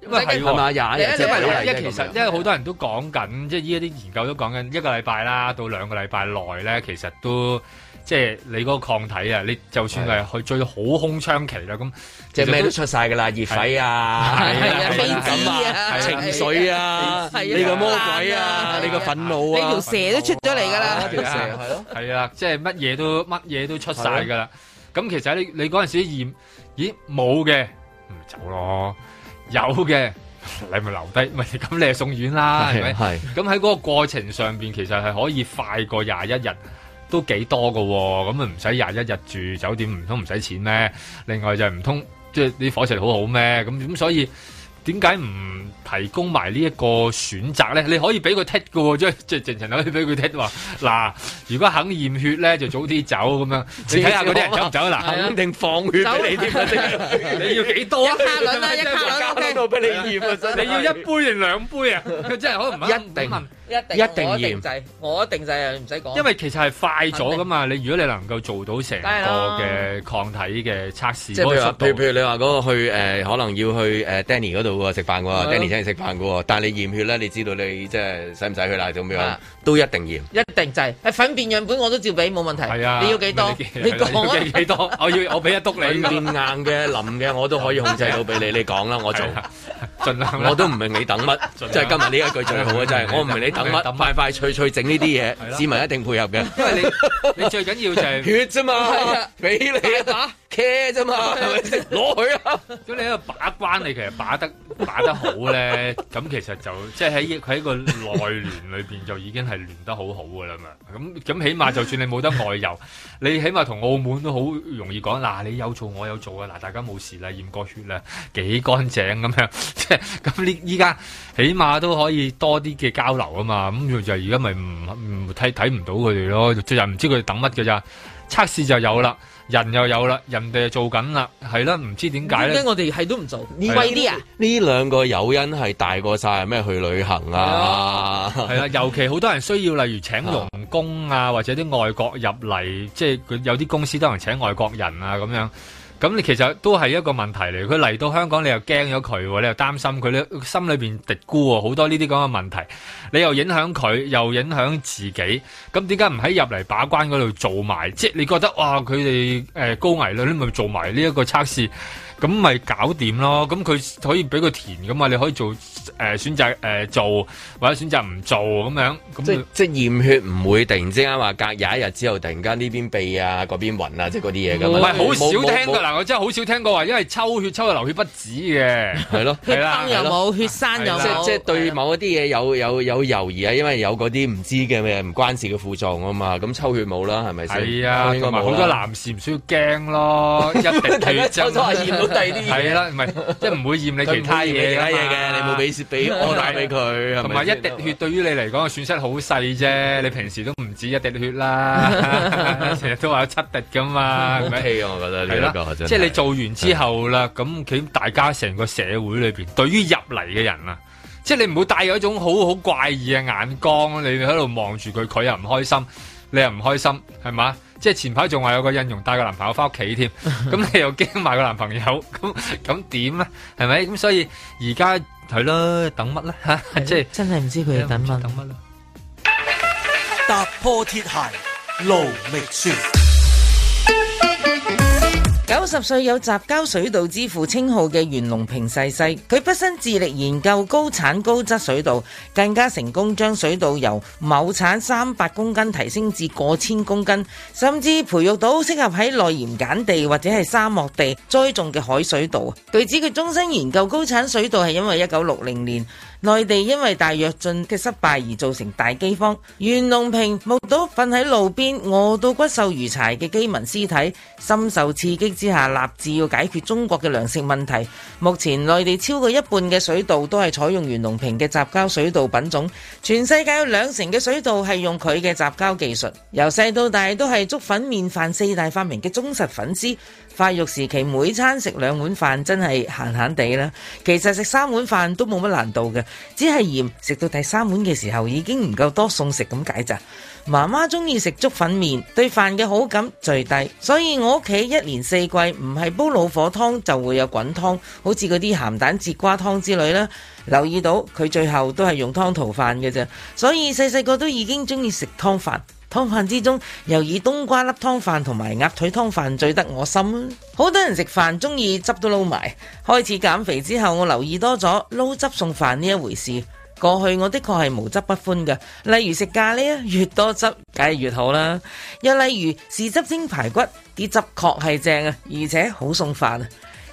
因為係嘛，廿日即係，因為其實因為好多人都講緊，即係依家啲研究都講緊一個禮拜啦，到兩個禮拜內咧，其實都即係你嗰個抗體啊。你就算係去最好空窗期啦，咁即係咩都出晒噶啦，熱痱啊，係啊，敏感啊，情緒啊，你個魔鬼啊，你個憤怒啊，條蛇都出咗嚟噶啦，條蛇係咯，係啊，即係乜嘢都乜嘢都出晒噶啦。咁其實你你嗰陣時驗咦冇嘅，唔走咯。有嘅，你咪留低，咪咁你係送院啦，係咪是？咁喺嗰個過程上邊，其實係可以快過廿一日，都幾多噶、哦，咁啊唔使廿一日住酒店，唔通唔使錢咩？另外就係唔通，即係啲伙食好好咩？咁咁所以。點解唔提供埋呢一個選擇咧？你可以俾佢剔嘅，即即直情可以俾佢剔。話嗱，如果肯驗血咧，就早啲走咁樣。你睇下嗰啲人走唔走？嗱、啊，肯定放血你添。走樣你要幾多 片片啊？一卡輪啊，一卡輪加多俾你驗啊！想看 你要一杯定兩杯啊？真係可能唔一定。一定驗，我一定制，我一定制啊！唔使講。因為其實係快咗噶嘛，你如果你能夠做到成個嘅抗體嘅測試，即譬如你話嗰個去誒可能要去誒 Danny 嗰度食飯喎，Danny 請你食飯嘅喎，但係你驗血咧，你知道你即係使唔使去啦？咁樣都一定驗，一定制，係糞便樣本我都照俾冇問題。係啊，你要幾多？你講幾多？我要我俾一篤你。糞便硬嘅、腍嘅，我都可以控制到俾你。你講啦，我做，盡量。我都唔明你等乜，即係今日呢一句最好嘅就係我唔明你。快快脆脆整呢啲嘢，市民 啦一定配合嘅。因為你你最緊要就係血啫嘛，俾 你一打。c a 啫嘛，係咪攞佢啊？咁你喺度把關，你其實把得把得好咧，咁其實就即係喺佢喺個內聯裏邊，就已經係亂得好好嘅啦嘛。咁咁起碼就算你冇得外遊，你起碼同澳門都好容易講。嗱、啊，你有做我有做啊！嗱，大家冇事啦，驗過血啦，幾乾淨咁樣，即係咁。你依家起碼都可以多啲嘅交流啊嘛。咁就而家咪唔唔睇睇唔到佢哋咯，最近唔知佢哋等乜嘅咋？測試就有啦。人又有啦，人哋又做緊啦，係啦，唔知點解咧？點解我哋係都唔做？你貴啲啊？呢兩個誘因係大過曬咩？去旅行啊，係啦，尤其好多人需要，例如請傭工啊，的或者啲外國入嚟，即係佢有啲公司都可能請外國人啊咁樣。咁你其實都係一個問題嚟，佢嚟到香港你又驚咗佢，你又擔心佢，你心裏邊嘀咕喎，好多呢啲咁嘅問題，你又影響佢，又影響自己，咁點解唔喺入嚟把關嗰度做埋？即係你覺得哇，佢哋誒高危率，你咪做埋呢一個測試。咁咪搞掂咯，咁佢可以俾佢填噶嘛？你可以做誒選擇誒做，或者選擇唔做咁樣。即即驗血唔會突然之間話隔廿一日之後突然間呢邊痹啊，嗰邊暈啊，即嗰啲嘢噶嘛。唔係好少聽噶嗱，我真係好少聽過話，因為抽血抽到流血不止嘅，係咯，血崩又冇，血山又冇。即即對某一啲嘢有有有猶豫啊，因為有嗰啲唔知嘅咩唔關事嘅副作用啊嘛，咁抽血冇啦，係咪先？係啊，好多男士唔需要驚咯，一定抽咗驗。係啦，唔係即係唔會嫌你其他嘢嘅，你冇俾血俾我打俾佢，同埋一滴血對於你嚟講嘅損失好細啫。你平時都唔止一滴血啦，成日都話有七滴噶嘛，O K 啊，我覺得呢一個即係你做完之後啦，咁佢大家成個社會裏邊對於入嚟嘅人啊，即係你唔會帶有一種好好怪異嘅眼光，你喺度望住佢，佢又唔開心，你又唔開心，係嘛？即係前排仲話有個印傭帶個男朋友翻屋企添，咁 你又驚埋個男朋友，咁咁點咧？係咪咁？所以而家係咯，等乜咧？嚇，即係真係唔知佢哋等乜。等乜？踏破鐵鞋。九十歲有雜交水稻之父稱號嘅袁隆平逝世，世，佢畢生致力研究高產高質水稻，更加成功將水稻由畝產三百公斤提升至過千公斤，甚至培育到適合喺內鹽鹼地或者係沙漠地栽種嘅海水稻。據指佢終身研究高產水稻係因為一九六零年。內地因為大躍進嘅失敗，而造成大饑荒，袁隆平目睹瞓喺路邊餓到骨瘦如柴嘅饑民屍體，深受刺激之下，立志要解決中國嘅糧食問題。目前內地超過一半嘅水稻都係採用袁隆平嘅雜交水稻品種，全世界有兩成嘅水稻係用佢嘅雜交技術。由細到大都係粥粉麵飯四大發明嘅忠實粉絲。發育時期每餐食兩碗飯真係閒閒地啦，其實食三碗飯都冇乜難度嘅，只係嫌食到第三碗嘅時候已經唔夠多餸食咁解咋。媽媽鍾意食粥粉麵，對飯嘅好感最低，所以我屋企一年四季唔係煲老火湯就會有滾湯，好似嗰啲鹹蛋節瓜湯之類啦。留意到佢最後都係用湯淘飯嘅啫，所以細細個都已經鍾意食湯飯。湯飯之中，又以冬瓜粒湯飯同埋鴨腿湯飯最得我心。好多人食飯中意汁都撈埋。開始減肥之後，我留意多咗撈汁送飯呢一回事。過去我的確係無汁不歡嘅，例如食咖喱越多汁梗係越好啦。又例如豉汁蒸排骨，啲汁確係正啊，而且好送飯啊。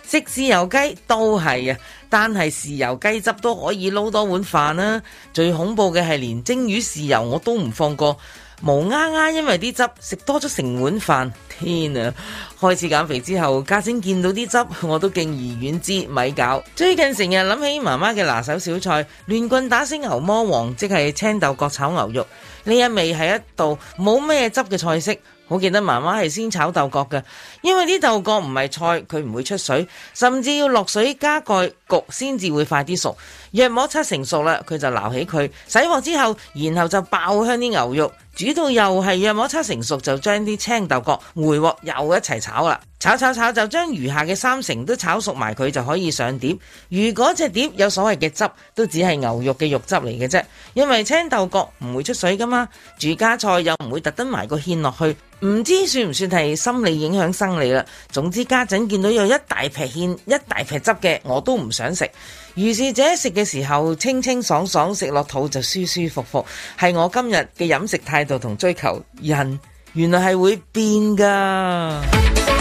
食豉油雞都係啊，但係豉油雞汁都可以撈多碗飯啦。最恐怖嘅係連蒸魚豉油我都唔放過。冇啱啱，因為啲汁食多咗成碗飯，天啊！開始減肥之後，家姐見到啲汁，我都敬而遠之。米餃，最近成日諗起媽媽嘅拿手小菜，亂棍打死牛魔王，即係青豆角炒牛肉。呢一味係一道冇咩汁嘅菜式，好記得媽媽係先炒豆角嘅，因為啲豆角唔係菜，佢唔會出水，甚至要落水加蓋焗先至會快啲熟。約莫七成熟啦，佢就撈起佢，洗鑊之後，然後就爆香啲牛肉，煮到又係約莫七成熟，就將啲青豆角回鑊又一齊炒啦。炒炒炒，就將餘下嘅三成都炒熟埋佢，就可以上碟。如果隻碟有所謂嘅汁，都只係牛肉嘅肉汁嚟嘅啫，因為青豆角唔會出水噶嘛。住家菜又唔會特登埋個芡落去，唔知算唔算係心理影響生理啦。總之家陣見到有一大劈芡，一大劈汁嘅，我都唔想食。如是者食嘅時候清清爽爽，食落肚就舒舒服服，係我今日嘅飲食態度同追求。人原來係會變㗎。